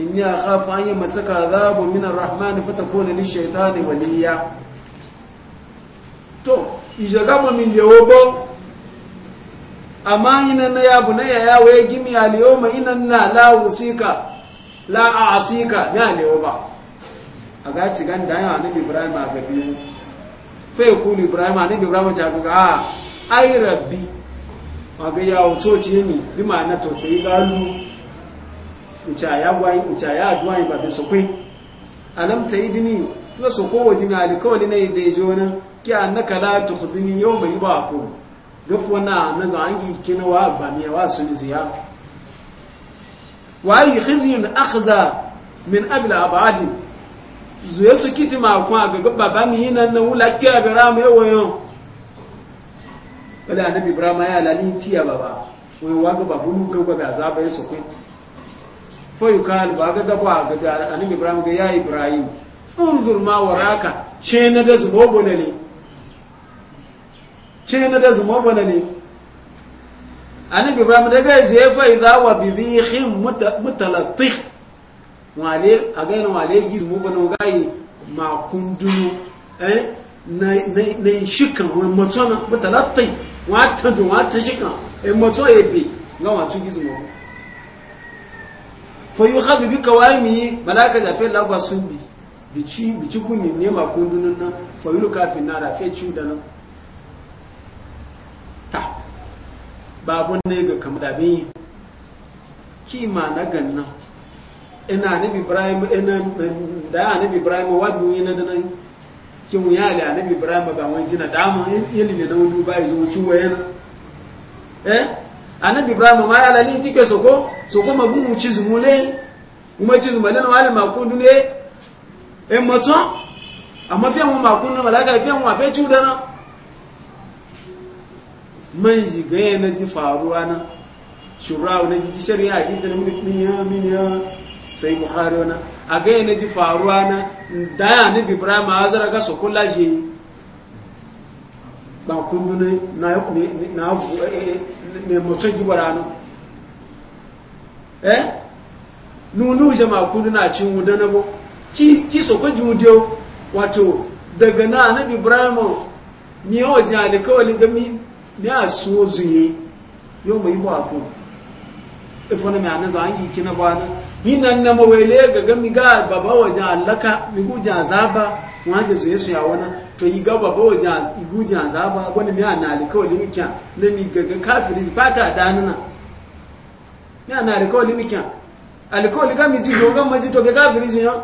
inni akhafu an yamassaka adhabu min arrahman fatakuna lishaitani waliya to ijagamo min lewobo amma ina na ya bu na ya ya waye gimi ya lewo ma ina na la wusika la asika ya lewo ba aga ci gan da ya nabi ibrahim aga biyu Fai yakunu ibrahim nabi ibrahim ta ga a ah, ai rabbi aga ya wuto ci ni bi ma na to galu ucaya gwai ucaya adwai ba be sokwe alam taidini na soko waje na alkawali wani da yajo na ki annaka la ba yawma yubafu gafu na na zangi kinawa ba me wa su ne zuya wa yi khizyun akhza min abla abadi zuya su kiti makon a ga gaba ba mi yinan na wula kiya ga ramu yawayon wala annabi ibrahim ya lalin tiya baba wai wa gaba babu mu ga ga azaba ya sokwe fayukal ba ga gaba ga annabi ibrahim ga ya ibrahim unzur ma waraka ce na da zumo bona ne ce na da zumo bona ne annabi ibrahim da ga zai fa za wa bi hin mutalattih wale aga yana wale gizu mu bana gai ma kundunu eh na yi shikan wa mutona mutalattih wa ta du wa ta shikan e mutoye bi ga wa gizu giz mu fayu haɗu bi kawami malaka da fayi lagwa su bi ci bici gunin nema kundunan dunun nan fayu kafin na rafe ci da nan ta babun ne ga kamar da bin ki ma na ganna ina bi ibrahim ina da ya bi ibrahim wa bi yin da nan ki mu ya da bi ibrahim ba wani jina da mu yin ne na wudu ba yi zuwa, ciwo yana eh annabi ibrahim ma ya lali tike soko soko ma gumu chizumule uma chizumule na wale makundu ne e moto amma fi mu makundu malaka fi mu afi chuda na man ji ga na ji faruwa na shurawo na ji shari'a hadisi na miniya miniya sai bukhari wana a ga na ji faruwa na da annabi ibrahim azara ga soko laje ba kundu ne na na eh, eh, mai mutum gibara nan eh nunu jama kudu na cin wuda na bo ki ki so ko judiyo wato daga na annabi ibrahim ni yawa jani kawai da mi ni a so zuye yau mai ba fu ifo e na mai anaza an yi kina ba na yi nan na wele ga gami ga baba wajen allaka mi gujan zaba wajen zuye su ya wani to yi gaba ba wajen igu janza ba wani miya na alikawali mikiya na mi gaga kafiri ba ta danuna miya na alikawali mikiya alikawali ga miji dogon maji to ga kafiri ji yan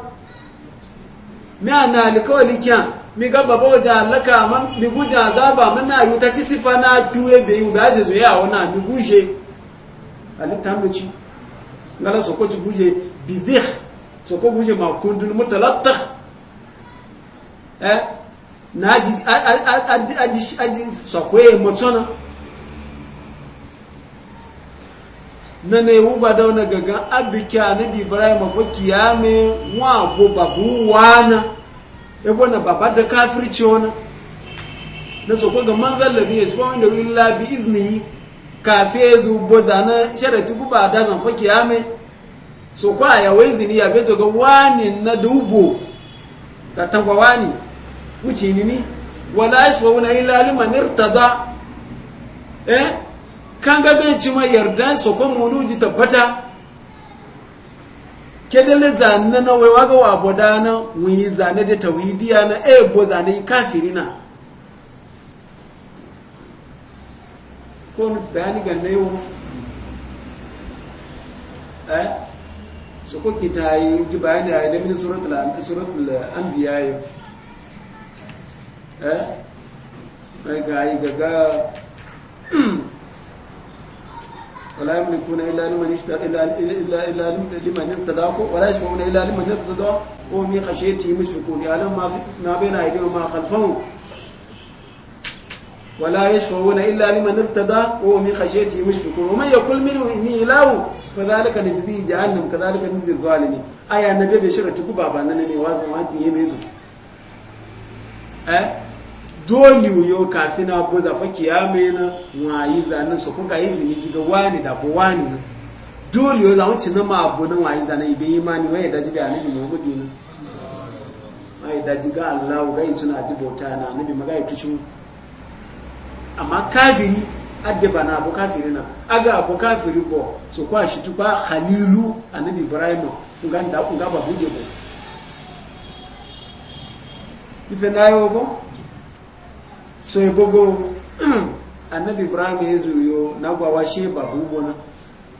miya na alikawali kiya mi gaba ba wajen alaka ma mi gu janza ba mana yi ta ci sifa na duwe bai yi ba zai ya wana mi guje halittar da ci ngala soko ci guje bizikh soko guje ma kundin mutalatta eh na aji sakwaye matsona na na ewu ba na gagan abike anabi ibrahim afoki ya me nwa agwo babu wana ebo na baba da kafirci e wani na sokwa ga manzan lafi ya ci fawon da wani labi izini kafe ya zubo zana sharati guba da zan foki ya me sokwa ya wai ya beto ga wani na dubu da tangwa wani wuce ni ni wala yashfa'una illa liman irtada eh kan ga bai ci ma yardan su kon wani ji tabbata ke zane na wai waga wa da na wuyi zane da tawhidiya na eh bo zane kafirina ko bayani ga ne yau eh su ko kitai ji bayani yi da min suratul suratul anbiya yau eh mai ga yi gaga ولا يملكون الا لمن اشترى الا الا الا لمن ارتضى ولا يشفعون الا لمن ارتضى وهم من خشيته مشفقون يعلم ما ما بين ايديهم وما خلفهم ولا يشفعون الا لمن ارتضى وهم من خشيته مشفقون ومن يقل منه اني اله فذلك نجزيه جهنم كذلك نجزي الظالمين اي النبي بشرت كبابا نني وازن واجي يبيزو إيه اه dole yau kafin abu zafi kiyame na wayi zanen su kuka yi zini jiga wani da bu wani na dole yau zama ci ma abu na wayi zanen ibe yi mani waye daji bai anabi hudu na waye daji ga allahu gai tuna aji bauta na anabi magai tucin amma kafiri addaba na abu kafiri na aga abu kafiri bo su kwa shi tuba khalilu anabi ibrahim nganda ngaba buje bo ife nayo bo so ya bugo annabi ibrahim ya zuyo na gwawa shi ba bugu na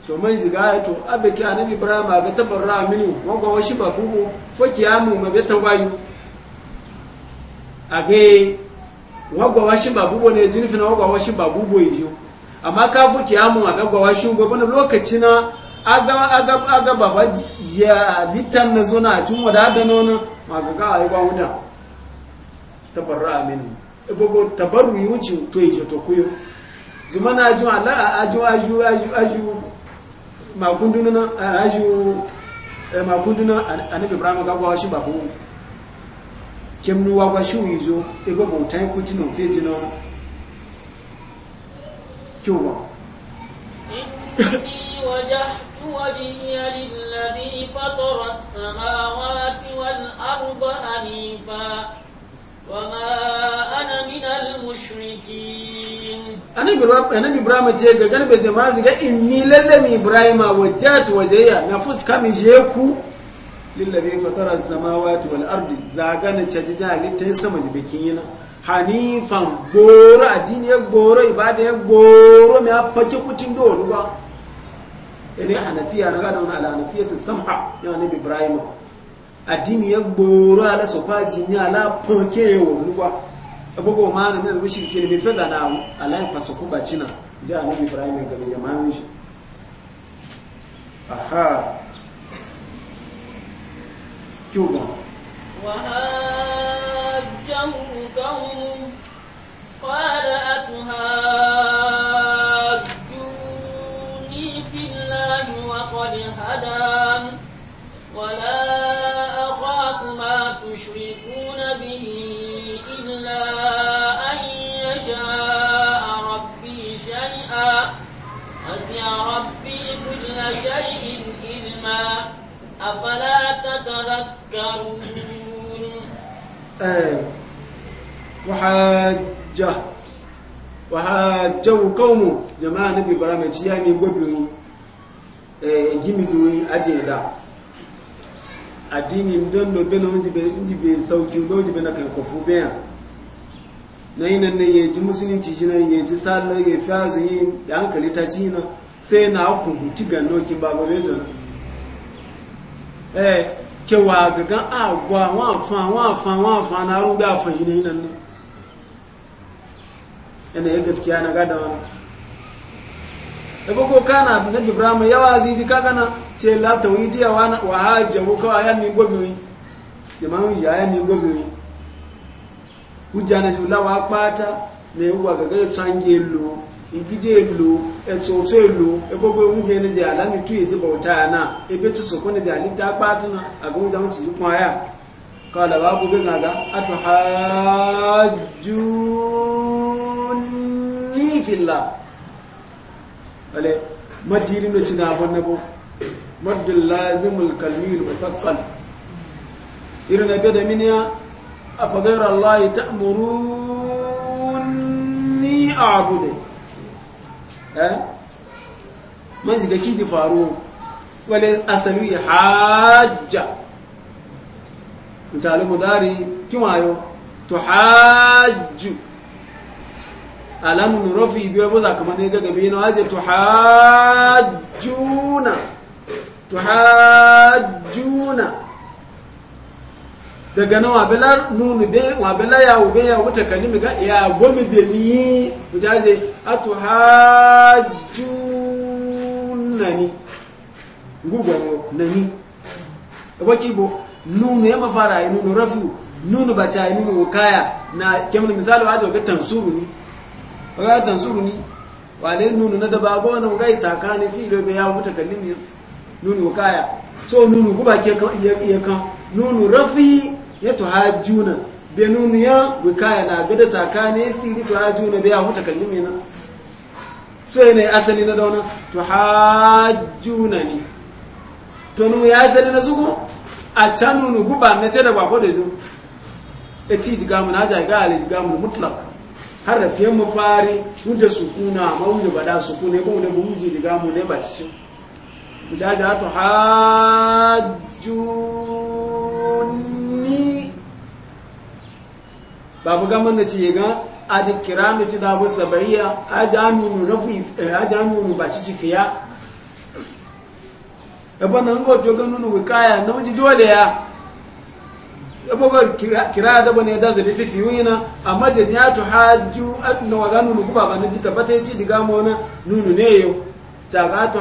to mai ziga ya to abe ki annabi ibrahim ga tabar minu wa gwawa shi ba foki ya mu mabe ma be a age wa gwawa shi ba bubo ne jini fina gwawa shi ba ya yijo amma ka fo ki amu ga gwawa shi go lokaci na aga aga aga baba ya litan na zo na cin wadada nono ma ga ga ayi ba wuda tabarra minu ebogo tabaru yuci to yi to kuyo zuma na ajun ala aju aju makunduna na aju eh, makunduna anabi shi babu kemnu wa gwa shi yizo ego bautan kuti no feji no chuwa وجهت وجهي للذي فطر السماوات والأرض حنيفاً annabi annabi ibrahim ce ga galibin jama'a su ga inni lalle mi ibrahim a wajjat wajayya na fuska mi je ku lillabi fatara samawati wal ardi zaga na caji jahalitta ya sama jibikin yana hanifan goro addini a goro ibada ya goro mai afake kucin da wani ba ina hanafiya na gada wani ala hanafiya ta samha ya annabi ibrahim addini ya gboro ala sofa jinya ala ponke yawo nuwa abugo ma na min mushi ke ne fada na ala yin faso kuba cina ja annabi ibrahim ga aha kyuga wa qawmu qala atuha شيء إذما أفلا تتذكرون وحاجة وحاجه قومه جماعة نبي برامج يعني قبل gimi domin ajiye da addini don dobe na wajibe sauki ba wajibe na karkofu bayan na yi nan na yaji musulunci shi nan yaji ya hankali ta ci sai na ku mutu gano kin ba gobe jona eh ke wa gagan agwa wa fa wa fa wa fa na ru ga fa jini nan ne ina ya gaskiya na gada wa da e bako kana na ibrahim yawa ziji kaga na ce la tawidiya wa wa hajjabu ka ayan ni gobe jama'u ya ayan ni gobe hujja na jula wa pata ne wa gaga tsange lo igide elu etoto elu egbogbo oúnjẹ ní di àlámi tú èdè bọ̀tá náà ebe tó sọ̀kọ́ ní jẹ́ àlítà pàtàkì àgbóhùnjá wọn ti kún ayá kọ́lá gbogbo ní ìfìlà wale Eh? Manzi da kiji faru wani asali hajja mutane mudari kimayo to hajju alamun rufi biyu ba za kama ne ga gabe na waje to hajjuna to hajjuna daga na wabila nunu be wabila ya wube ya wuce kalimi ga ya gomi be ni mujaje atu hajunani gugu nani waki bo nunu ya mafara yi nunu rafu nunu bacha yi nunu wakaya na kemni misali wajen ga tansuru ni wajen tansuru ni wale nunu na daba wuga ita ka ni filo be ya wuce kalimi nunu wakaya so nunu guba ke kan iya kan nunu rafi ya tuhajjuna benuniya wikaya na gada tsakani fili tuhajjuna biya mutakallimi na so yana asali na dauna juna ne tonu ya asali na suko a canunu guba na ce da bako da zo eti digamu na ajiye ga ali digamu da harafin mafari su kuna ma wanda bada kuna ko wanda buji digamu ne ba shi ja ja tuhajjuna babu gaman da ci ga adikira kira da ci da sabariya ajaminu rafi ajaminu ba ci fiya yabo nan go to ganu nu kaya na wuji dole ya yabo ga kira da bane da zabi fifi wina a da ya tu haju na wa ganu ku baba na ji ya ci diga ma na nunu ne yau ta ga tu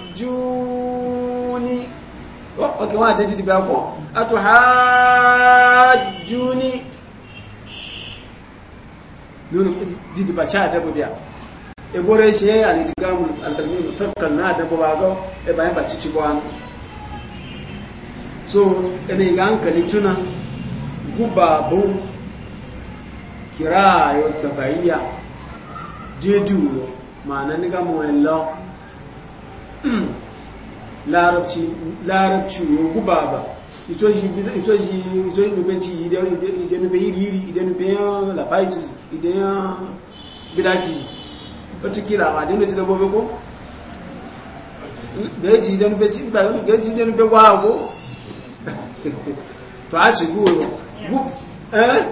haju ok wa ta titi ba ko ato hajjuni nun titi ba cha da biya e bore she ali digamu al-tarmim fakkan na da ba ga e bayan ba cici ba so ene ga hankali tuna guba bu kira yo sabaiya jedu ma ni ga mo en larabci larabci yo guba ba ito ji ito ji ito ji be ji ide yiri ide ne be la paiti ide bidaji wata kila ma dinu ci da ko da ji ide ne be ji ba da ji ide ne be wa ko to a ci guro gu eh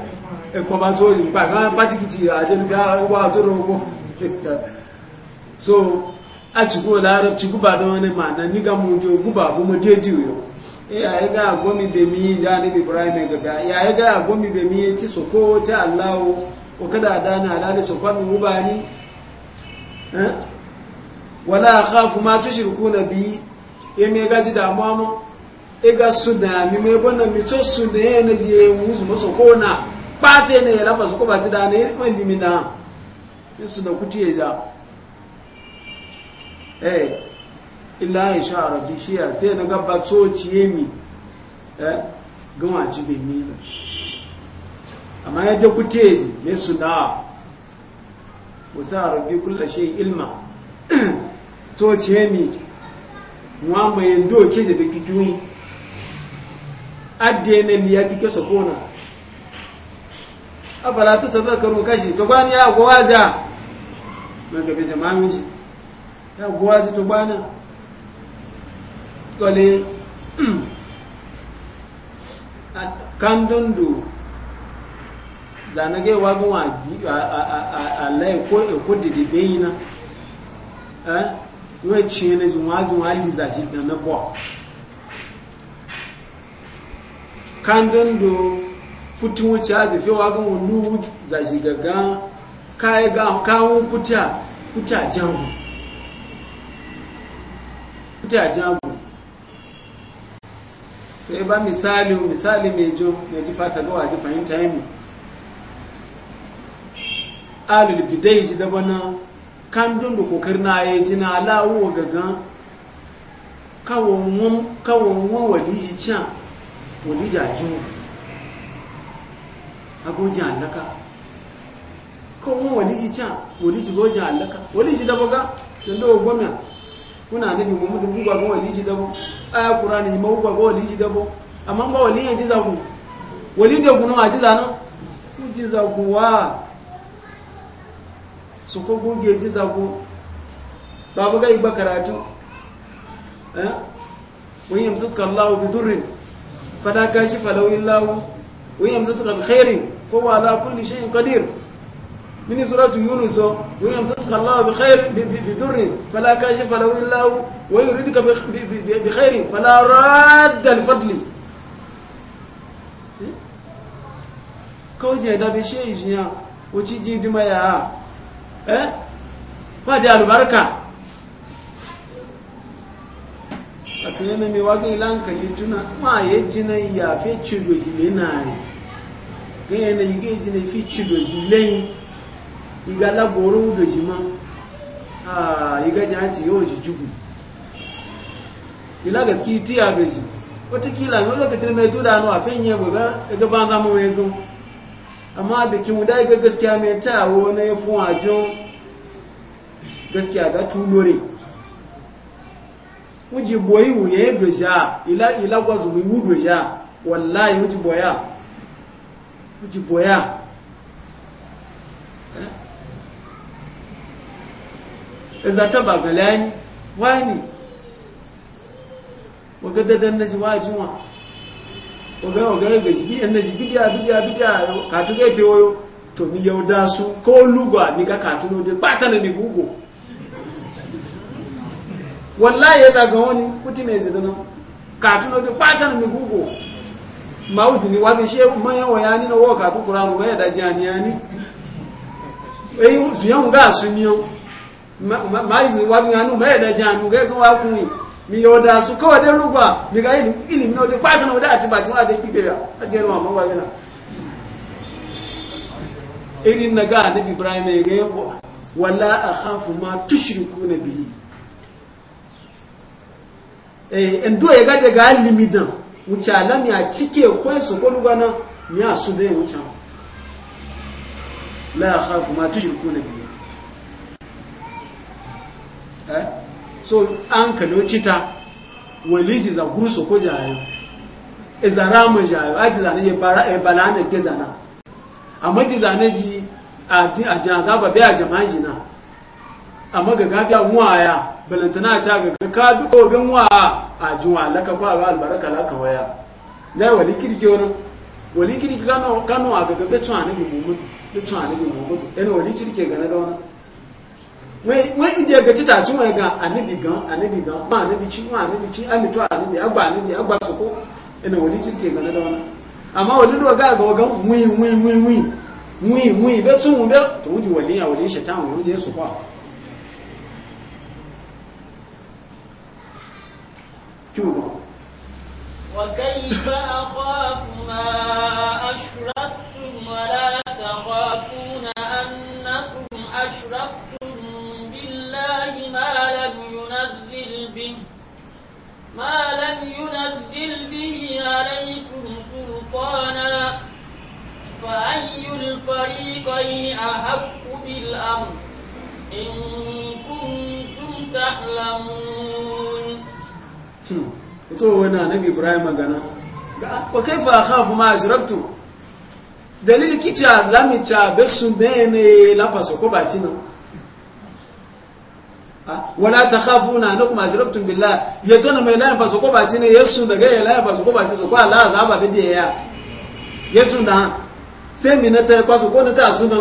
e, e ko ba ba patiki ci a je ne ko so a ci go larabci guba da wani ma'ana ni ga mu jo guba bu mu je diyo eh, ya yi ga gomi be mi ja ni ibrahim ga ga ya yi ga gomi be mi ti so ko ta allah o kada da na ala da so kwa mu ba ni eh? wala khafu ma tushrikuna bi ye me ga ji da mu amu e ga su da mi me bona mi to e e su ne ne je mu su so ko na pate ne la fa so ko ba ti da ne ma limi na yesu da kutiye ja eh illa ya sha shi shiya sai na gaba ya mi eh gama ci bai mi amma ya da kute ne su da wasu arabi kulla shi ilma ya mi wa mai do ke jabe kikiyun adde ne liya kike sokona abalata ta tazakaru kashi ta gwani ya gwaza daga jama'an ji ya guwa zito bana gole a kandun zanage wagon a laye ko ekudi da na wọ́n tiẹ̀ ní zùnwájú wọn alìza sí dáná bọ̀ kandando kutun caji fi wa gan wulu zaji gaga kayan kuta kuta ita to e ba misali misali mai jo mai ji fata ga waje fahimta yami alul bidai ji da bana kan dundu kokar na ya ji na lawo gaga kawon wani wali ji can wani ja jo agoji allaka kawon wani ji can wani ji goji allaka wani ji daba ga dan do gwamnati kuna nabi muhammadu bugwa ga wali ji dabo aya qur'ani ma bugwa ga wali ji dabo amma ba wali yanzu za ku wali da gunu ma ji za nan ku jiza kuwa su ko goge ji za ku babu ga iba karatu eh wani suka Allah bi durrin fada kashi falawillahu wani yamsaska bi khairin fa wa ala kulli shay'in qadir من سورة يونس ويمسسك الله بخير بضر فلا كاشف له إلا هو ويريدك بخير فلا راد لفضله kawai da bai shi injiniya wuci ji dima ya eh ba da albarka a tuni na mai wagon ilanka yi tuna ma ya ji na ya fi na ne yi fi iga laboro wudo shi ma iga jihanci yawon shi jugu ila gaski tiya agaji shi watakila ne lokacin mai tuda hannu a fenye buga daga ban zama mai gan amma da kin wuda ga gaskiya mai tawo na ya fi wajen gaskiya ga tulore wuji boyi yi doja ila ila gwazu mai wudoja wallahi wuji boya wuji boya za ta ba galani wani waga dadan na ji wajiwa waga waga ya gaji biyan na ji bidiya bidiya bidiya katu ga ife wayo to mi yau da su ko lugwa ni ga katu no de pata na ni gugu wallahi ya zaga wani kuti mai zai dana katu no de pata na ni gugu mauzi ni wabi shi manya wayani na wo katu kuranu mai da jani yani eh su yan ga su ni yau maizi waganu maeda janu gege wakumi su suka wade lugwa miga ili ili mnode kwatana wade atibati wade kibela ajeno wa mwa gena ili naga nabi ibrahim yege wala akhafu ma tushrikuna bihi eh endo yega de ga limidan muchala mi achike kweso ko lugana mi asude muchala la akhafu ma tushrikuna bihi so an kalo cita waliji za guruso ko jayo izara e mu jayo aji zane ya bara e balana ke zana amma ji zane ji a ti a ji za e ba e biya jama'a ji na amma ga ga biya waya balantana ta ga ka bi ko bin wa a juwa laka kwa ga albaraka laka waya lai wali kirki wani wali kirki kano kano a ga ga tsuwa ne bi mu mu tsuwa ne bi mu mu ene wali kirki ga na ga wani wọ́n ń jẹ́ gẹ̀títà tí wọ́n gan anibi gan anibi gan wọ́n àníbì tí wọ́n àníbì tí àmìtọ́ anibi agba anibi agba sọ́kó ẹnà wọ́n díjì kè gan lọ́wọ́ àmọ́ olúdó ọgá àgbà ọgán wíìn wíìn wíìn wíìn wíìn wíìn bẹ́ tún wọn bẹ́ tòun di wọ̀lé àwọn oníṣẹ́ táwọn oúnjẹ sọ́kọ́ àwọn. kí wọ́n bọ̀. وكيف أخاف ما أشركتم الله ما لم ينزل به ما لم ينزل به عليكم سلطانا فأي الفريقين أحق بالأمر إن كنتم تعلمون ito wani annabi ibrahim magana ba kai fa khafu ma ashrabtu dalil kicha lamicha besu bene ko wala ta khafuna na kuma ajirabtum billah ya tsana mai layin fasu ko baci ne yesu daga ya layin fasu ko baci su ko Allah za ba bidi ya yesu da sai mi na ta kwasu ko na ta su da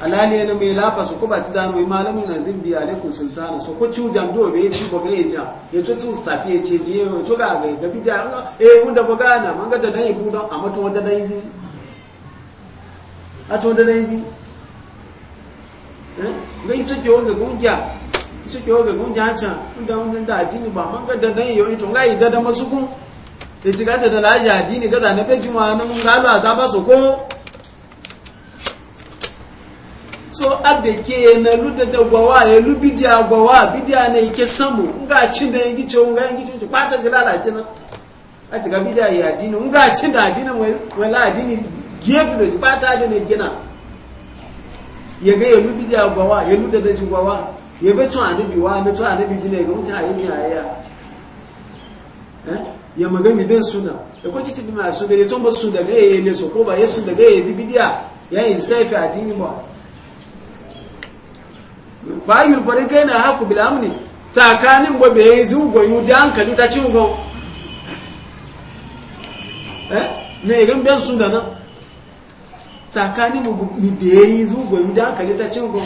alali ne mai la fasu ko baci da no malami na zimbi alaikum sultana so ko chuja ndo be ci ko be ja ya to tun safi ya ce je ya ci ga ga da bidi eh mun da boga na manga da dai budan amma da wanda yi ji a da wanda yi ji nga icho kyoge gunja icho kyoge gunja acha nda mun nda adini ba manga da dan yo ito ngai da da masuku e tiga da da laja adini ga da na pe juma na mun galo azaba soko so abe ke na luda da gwawa ya lu bidiya gwawa bidiya na ike samu nga cin da yanki ce nga yanki ce kwata ji lalace na a ci bidiya ya adini nga cin da adini wala adini gefe da kwata da ne gina ya ga ya lubi da gwawa ya lubi da shi gwawa ya bai tun anabi wa na tun anabi jina ya ga mutum a yi jayayya ya magami don suna da kwa kici bima suna ya tumba su daga ya yi leso ko ba ya su daga ya yi dibidiya ya yi lissafi a dini ba fa'ayyul farin kai na haku bilamuni tsakanin gwabe ya yi zugoyi da hankali ta cin gwa eh? ne ya gan biyan suna nan tsakani mi beyi zugo yi da hankali ta cin gun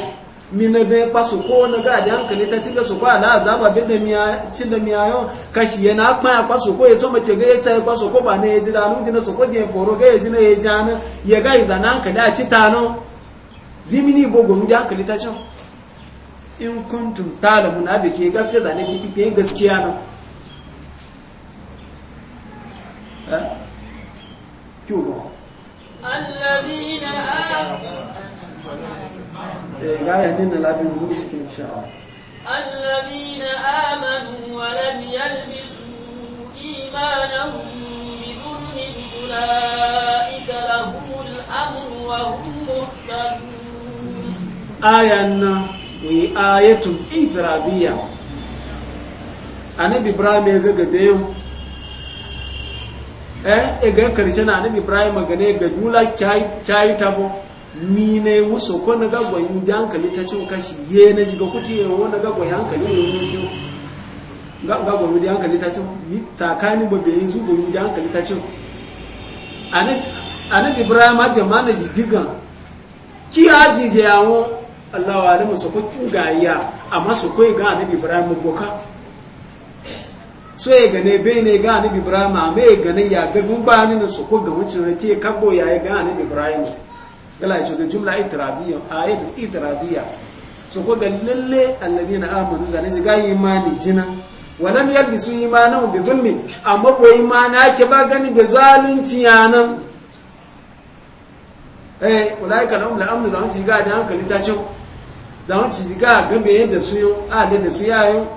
mi bai kwaso ko na gadi hankali ta cin gaso kwa za ba bin da miya cin da miya kashi yana kwan ya kwaso ko ya to mace ga ya ta kwaso ko ba na ya ji da alun jina ko jiyan foro ga ya ji na ya ji hannun ya ga iza na hankali a ci ta no zimini bo mu da hankali ta cin in kuntum talabu na da ke gafe da ne ki gaskiya no eh? kyau ba الذين آمنوا غاية نين لا بيموت إن شاء الله الذين آمنوا ولم يلبسوا إيمانهم بظلم أولئك لهم الأمر وهم مهتدون آية وآية إضرابية annabi ibrahim ya ga gabe eh e ga karshe na nan ibrahim ga ne ga dula chai tabo ni ne muso ko na ga yi da hankali ta cin kashi ye na ga kuti ye wo na ga gwayin hankali ne ne jo ga ga gwayin da hankali ta cin ni takani ba be yanzu gwayin da hankali ta cin annabi annabi ibrahim aje mana jidigan ki aji je awon Allah wa alimu su ko ga ya amma su ko ga annabi ibrahim boka so ya gane bai ne ga anabi ibrahim a mai gane ya gabi ba ni na su ko ga wucin na te kabbo ya ga anabi ibrahim gala ya ce ga jumla itiradiyya ayatu itiradiyya so ko ga lalle alladina amanu zane ji gayi ma imani jina walam yalbisu imanahum bi zulmin amma ko imana ke ba gani da zalunci yanan eh ulaika lahum al-amru zan ci ga da hankali ta ce zan ci ga gabe yadda su yo a da su yayo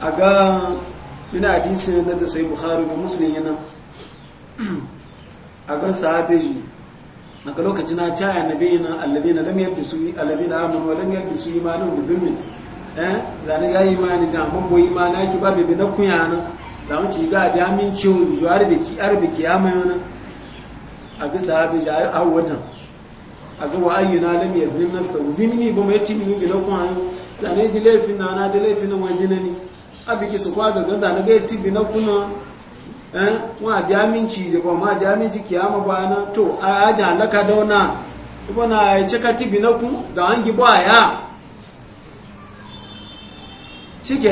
a ga mina hadisi na da sai bukhari da muslim yana a ga sahabeji a ga lokacin na ci a nabi yana allazi na lamiyar da su allazi na amur wa lamiyar da su yi ma nan da zulmin eh zane ya yi ma imani da amma boyi ma na ki ba bebe na kunya na da mu ci ga da min ciwo juwar da ki arbe ki ya mai wani a ga sahabeji a wadan a ga wa ayyuna lamiyar na nafsa zimini ba mai timini ne na kunya zane ji laifin na na da laifin na wajinani abike su kwa ga gaza na gaya tibi na kuna eh wa bi aminci da ba ma bi aminci kiyama ba na to a aja halaka dauna na ya cika tibi na kun za gi ba ya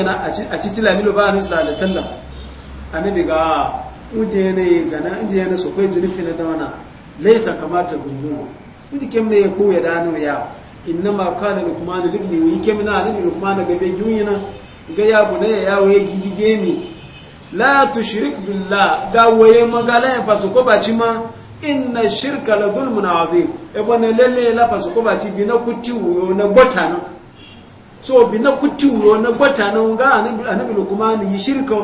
na a ci nilo ba ni sallallahu alaihi wasallam annabi ga uje ne ga na uje ne su kai jirifi na dauna laisa kamata gungu uje kem ne ya koya dano ya innama kana lukman ibn yi kem na ibn lukman ga be ga ya bu ne ya waye gigige mi la tushrik billah ga waye magala ya fasu ko baci ma inna shirka la zulmun azim e ne lele la fasu ko baci bi na kuti wuro na bota na so bi na kuti wuro na bota na ga anabi anabi ni yi shirka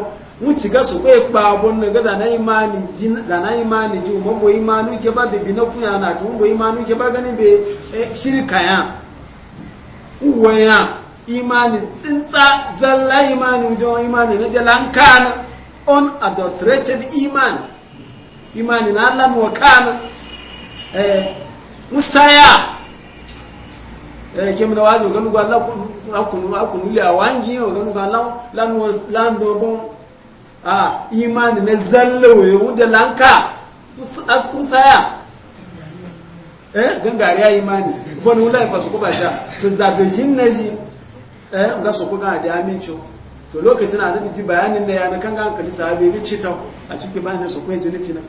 wuci ga su kai kpa bon ga da na imani jin da na imani ji mo bo imani ke ba bi na kuya na tu bo imani ke ba gani be e, shirka ya uwaya imani tsintsa zalla imani wajen imani na jalan kana unadulterated imani imani na allah wa kana eh, musaya eh kemna wazo ganu ga allah ga allah lanu lando bon ah, imani na zalla lanka musaya eh gangariya imani bon ko ba ta eh ga so ko ga da aminci to lokacin da ji bayanin da yana kan ga hankali sahabi bi ci ta a cikin bayanin so ko ya jini kina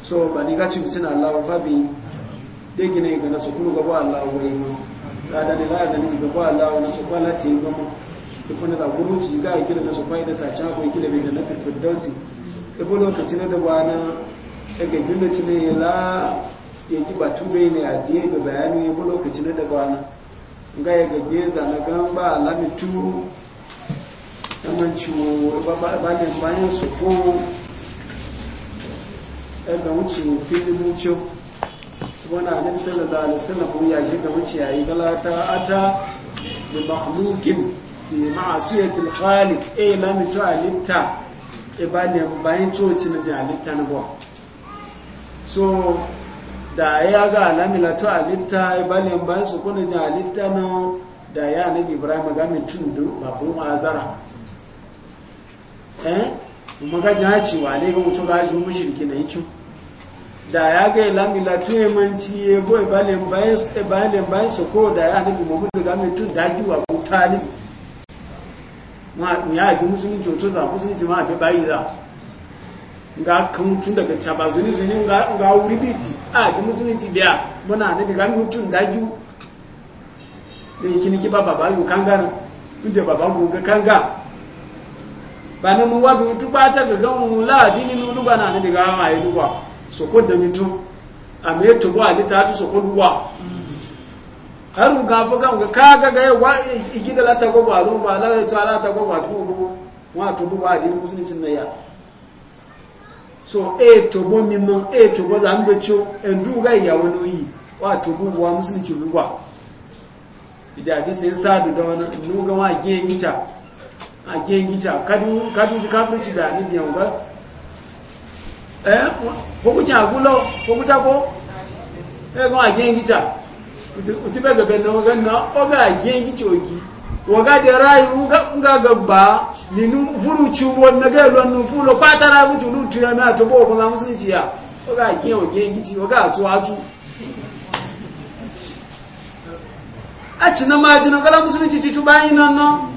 so ba ni ga ci bisin Allah wa fabi de gine ga na so kulu gaba Allah wa yi ga da la da ni gaba Allah wa na so kwala ti gama to fa na da guru ci ga kila na so kwai da ta cha ko kila bi jannatul firdausi e bo lokacin da ba na e ga gina ci ne la ya ki batu bai ne a je ga bayani e bo lokacin da ba na nga ya gabeza na gamba lami tu yaman ba ne bayan su ko ya ga wuce fili filin wuce wani alim sallallahu alaihi wasallam ya ji ga wuce ya yi galata ata bi mahlukin fi ma'asiyatil khaliq eh lami tu alitta e bane bayan coci na jalitta na ba so da ya ga alamila to alitta ya bane bayan su kuna jin alitta na da ya nabi ibrahim ga mai cin da babu azara eh kuma ga jaci wa ne ga mutu ga ji mushriki na yicin da ya ga alamila to ya manci ya boye bane bayan su e bane bayan su ko da ya nabi muhammad ga mai cin da ji wa ko talib ma ya ji musulunci to za musulunci ma be bayi za ga kamutun daga caba zuni zuni ga wuri biti a ji musulunci biya muna na daga mutum daju da yake niki ba ba lu kanga inda ba mu ga kanga ba na mu wa bi tu ba ta ga gan la dini lulu ba na na daga ma yi duwa so ko da mitu a me to ba ni ta tu so ko duwa har ga fa ga ka ga ga wa igida la ta go ba lu ba la ta go ba tu wa to duwa dini musulunci na ya so e tobo mimo e tobo za mbecho endu ga ya wono yi wa tobo wa musulunci ruwa idan ga sai sadu da wani nu wa gen gita a gen gita kadu kadu kafirci da ni biyan ga eh ko ku ta gulo ko ku ta ko e ga gen gita uti bebe be no ga na o ga gen gita ogi waga da rayu ga gaba ninu furu chubo na ga lo nu fulo patara bu tulu tu ya na to bo ko ma musu ci ya waga ki o ge gici waga to aju a ci na ma ji na kala musu ci tu bayin nan no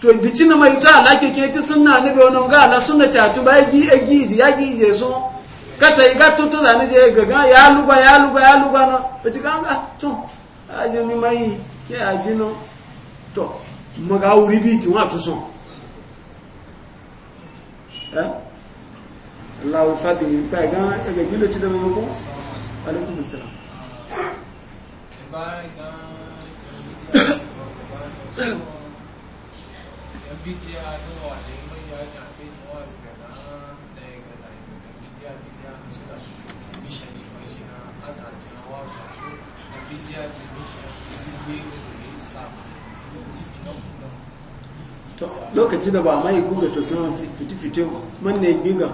to bici na mai ta ala ke ke ti sunna ne be wono ga ala sunna ta tu bayi gi egizi, ya gi je so kata iga to to da ne gaga ya lugwa ya luba ya luba na o ti ga ga to ajo mi mai kí a jíná tọ̀ mọ́gá orí bí tí wọ́n àtúnsàn ẹ́ láwọ́ fàbí nípa ìgán ẹgbẹ̀ gbílò tí lọ́wọ́ mọ́kún alẹ́kùn mùsùlá Thank you. lokaci da ba mai guga ta suna fiti-fiti man giga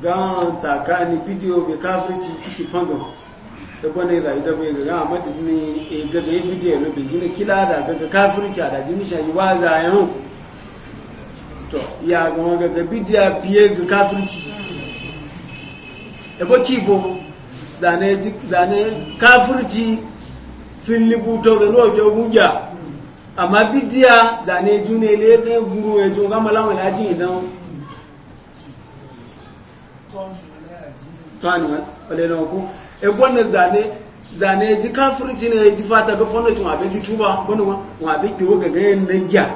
ga tsakani video ga kafirci kici fangon da gwanai zai da bai ga amadu ne eh, a gaga yi video ya bai gina kila da gaga kafirci a da jini yi ba za a hun to ya gama gaga bidiyo fiye ga kafirci ya ba kibo zane kafirci fin libuto ga nuwa ke gugiya amma bidiya zane june le ga guru ya jo ga malawa la ji idan tani wa ole na ku e gwanna zane zane ji kafirci ne ji fata ga fondo tun abin tuba gwanna wa wa bi ki ga ga na gya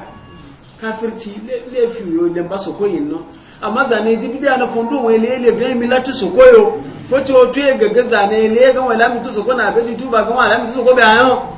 kafirci le le fi yo da ba so koyin no amma zane ji bidiya na fondo wa le le ga mi lati so koyo foto to ga ga zane le ga wala mi to so ko na abin tuba ga wala mi to so ko ba ayo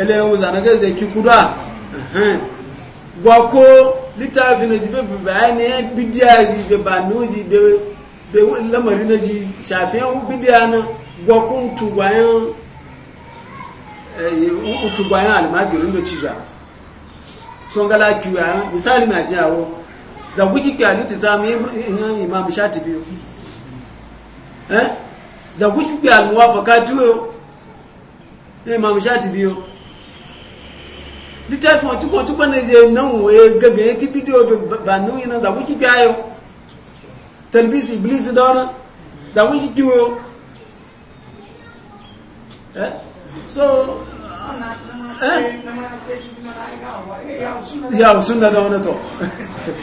ele wuza um na gaza ki kuda gwa ko littafi na jibe bayani bidiya ji da banuji da da lamari na ji shafiyan na gwa kun tugwayan eh tugwayan almajirin da cija sun misali na jawo za kuki kyali ta sami eh, eh, imam shati biyu eh? littafin wacce ko tukwa na zai nan waye gaga ya ti bidiyo ba yi nan za wiki gayo talbisi bilisi da wani za wiki kiwo eh so eh ya sunna da wani to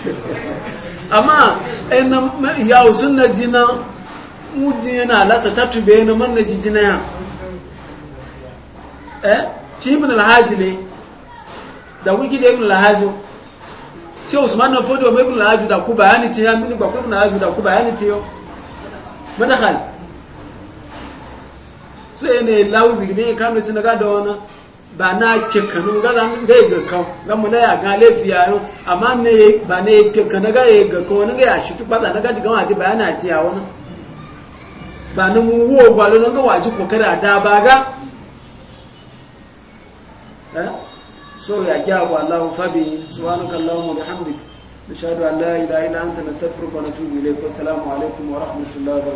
amma ina eh, ya sunna jina mujin yana lasa tatube na manna jijina ya eh ci ibn alhaji ne da kun gida ibn lahajo sai usman na fodo mai ibn lahajo da ku bayani ta ya mini ba ku ibn lahajo da ku bayani ta yo madakhal so ne lauzi ne kan da ga da wani ba na kekanu ga zan ga ga kan ga mu na ya ga lafiya yau amma ne ba ne kekanu ga ya ga kan wani ga ya shi tu ba na ga diga wani bayani a ji ya wani ba na mu wo gwalo na ga waji kokari a da ba ga eh so ya gya wa Allahu fabi subhanaka Allahumma bihamdik nashhadu an la ilaha illa anta nastaghfiruka wa natubu ilayk wa assalamu alaikum wa rahmatullahi wa barakatuh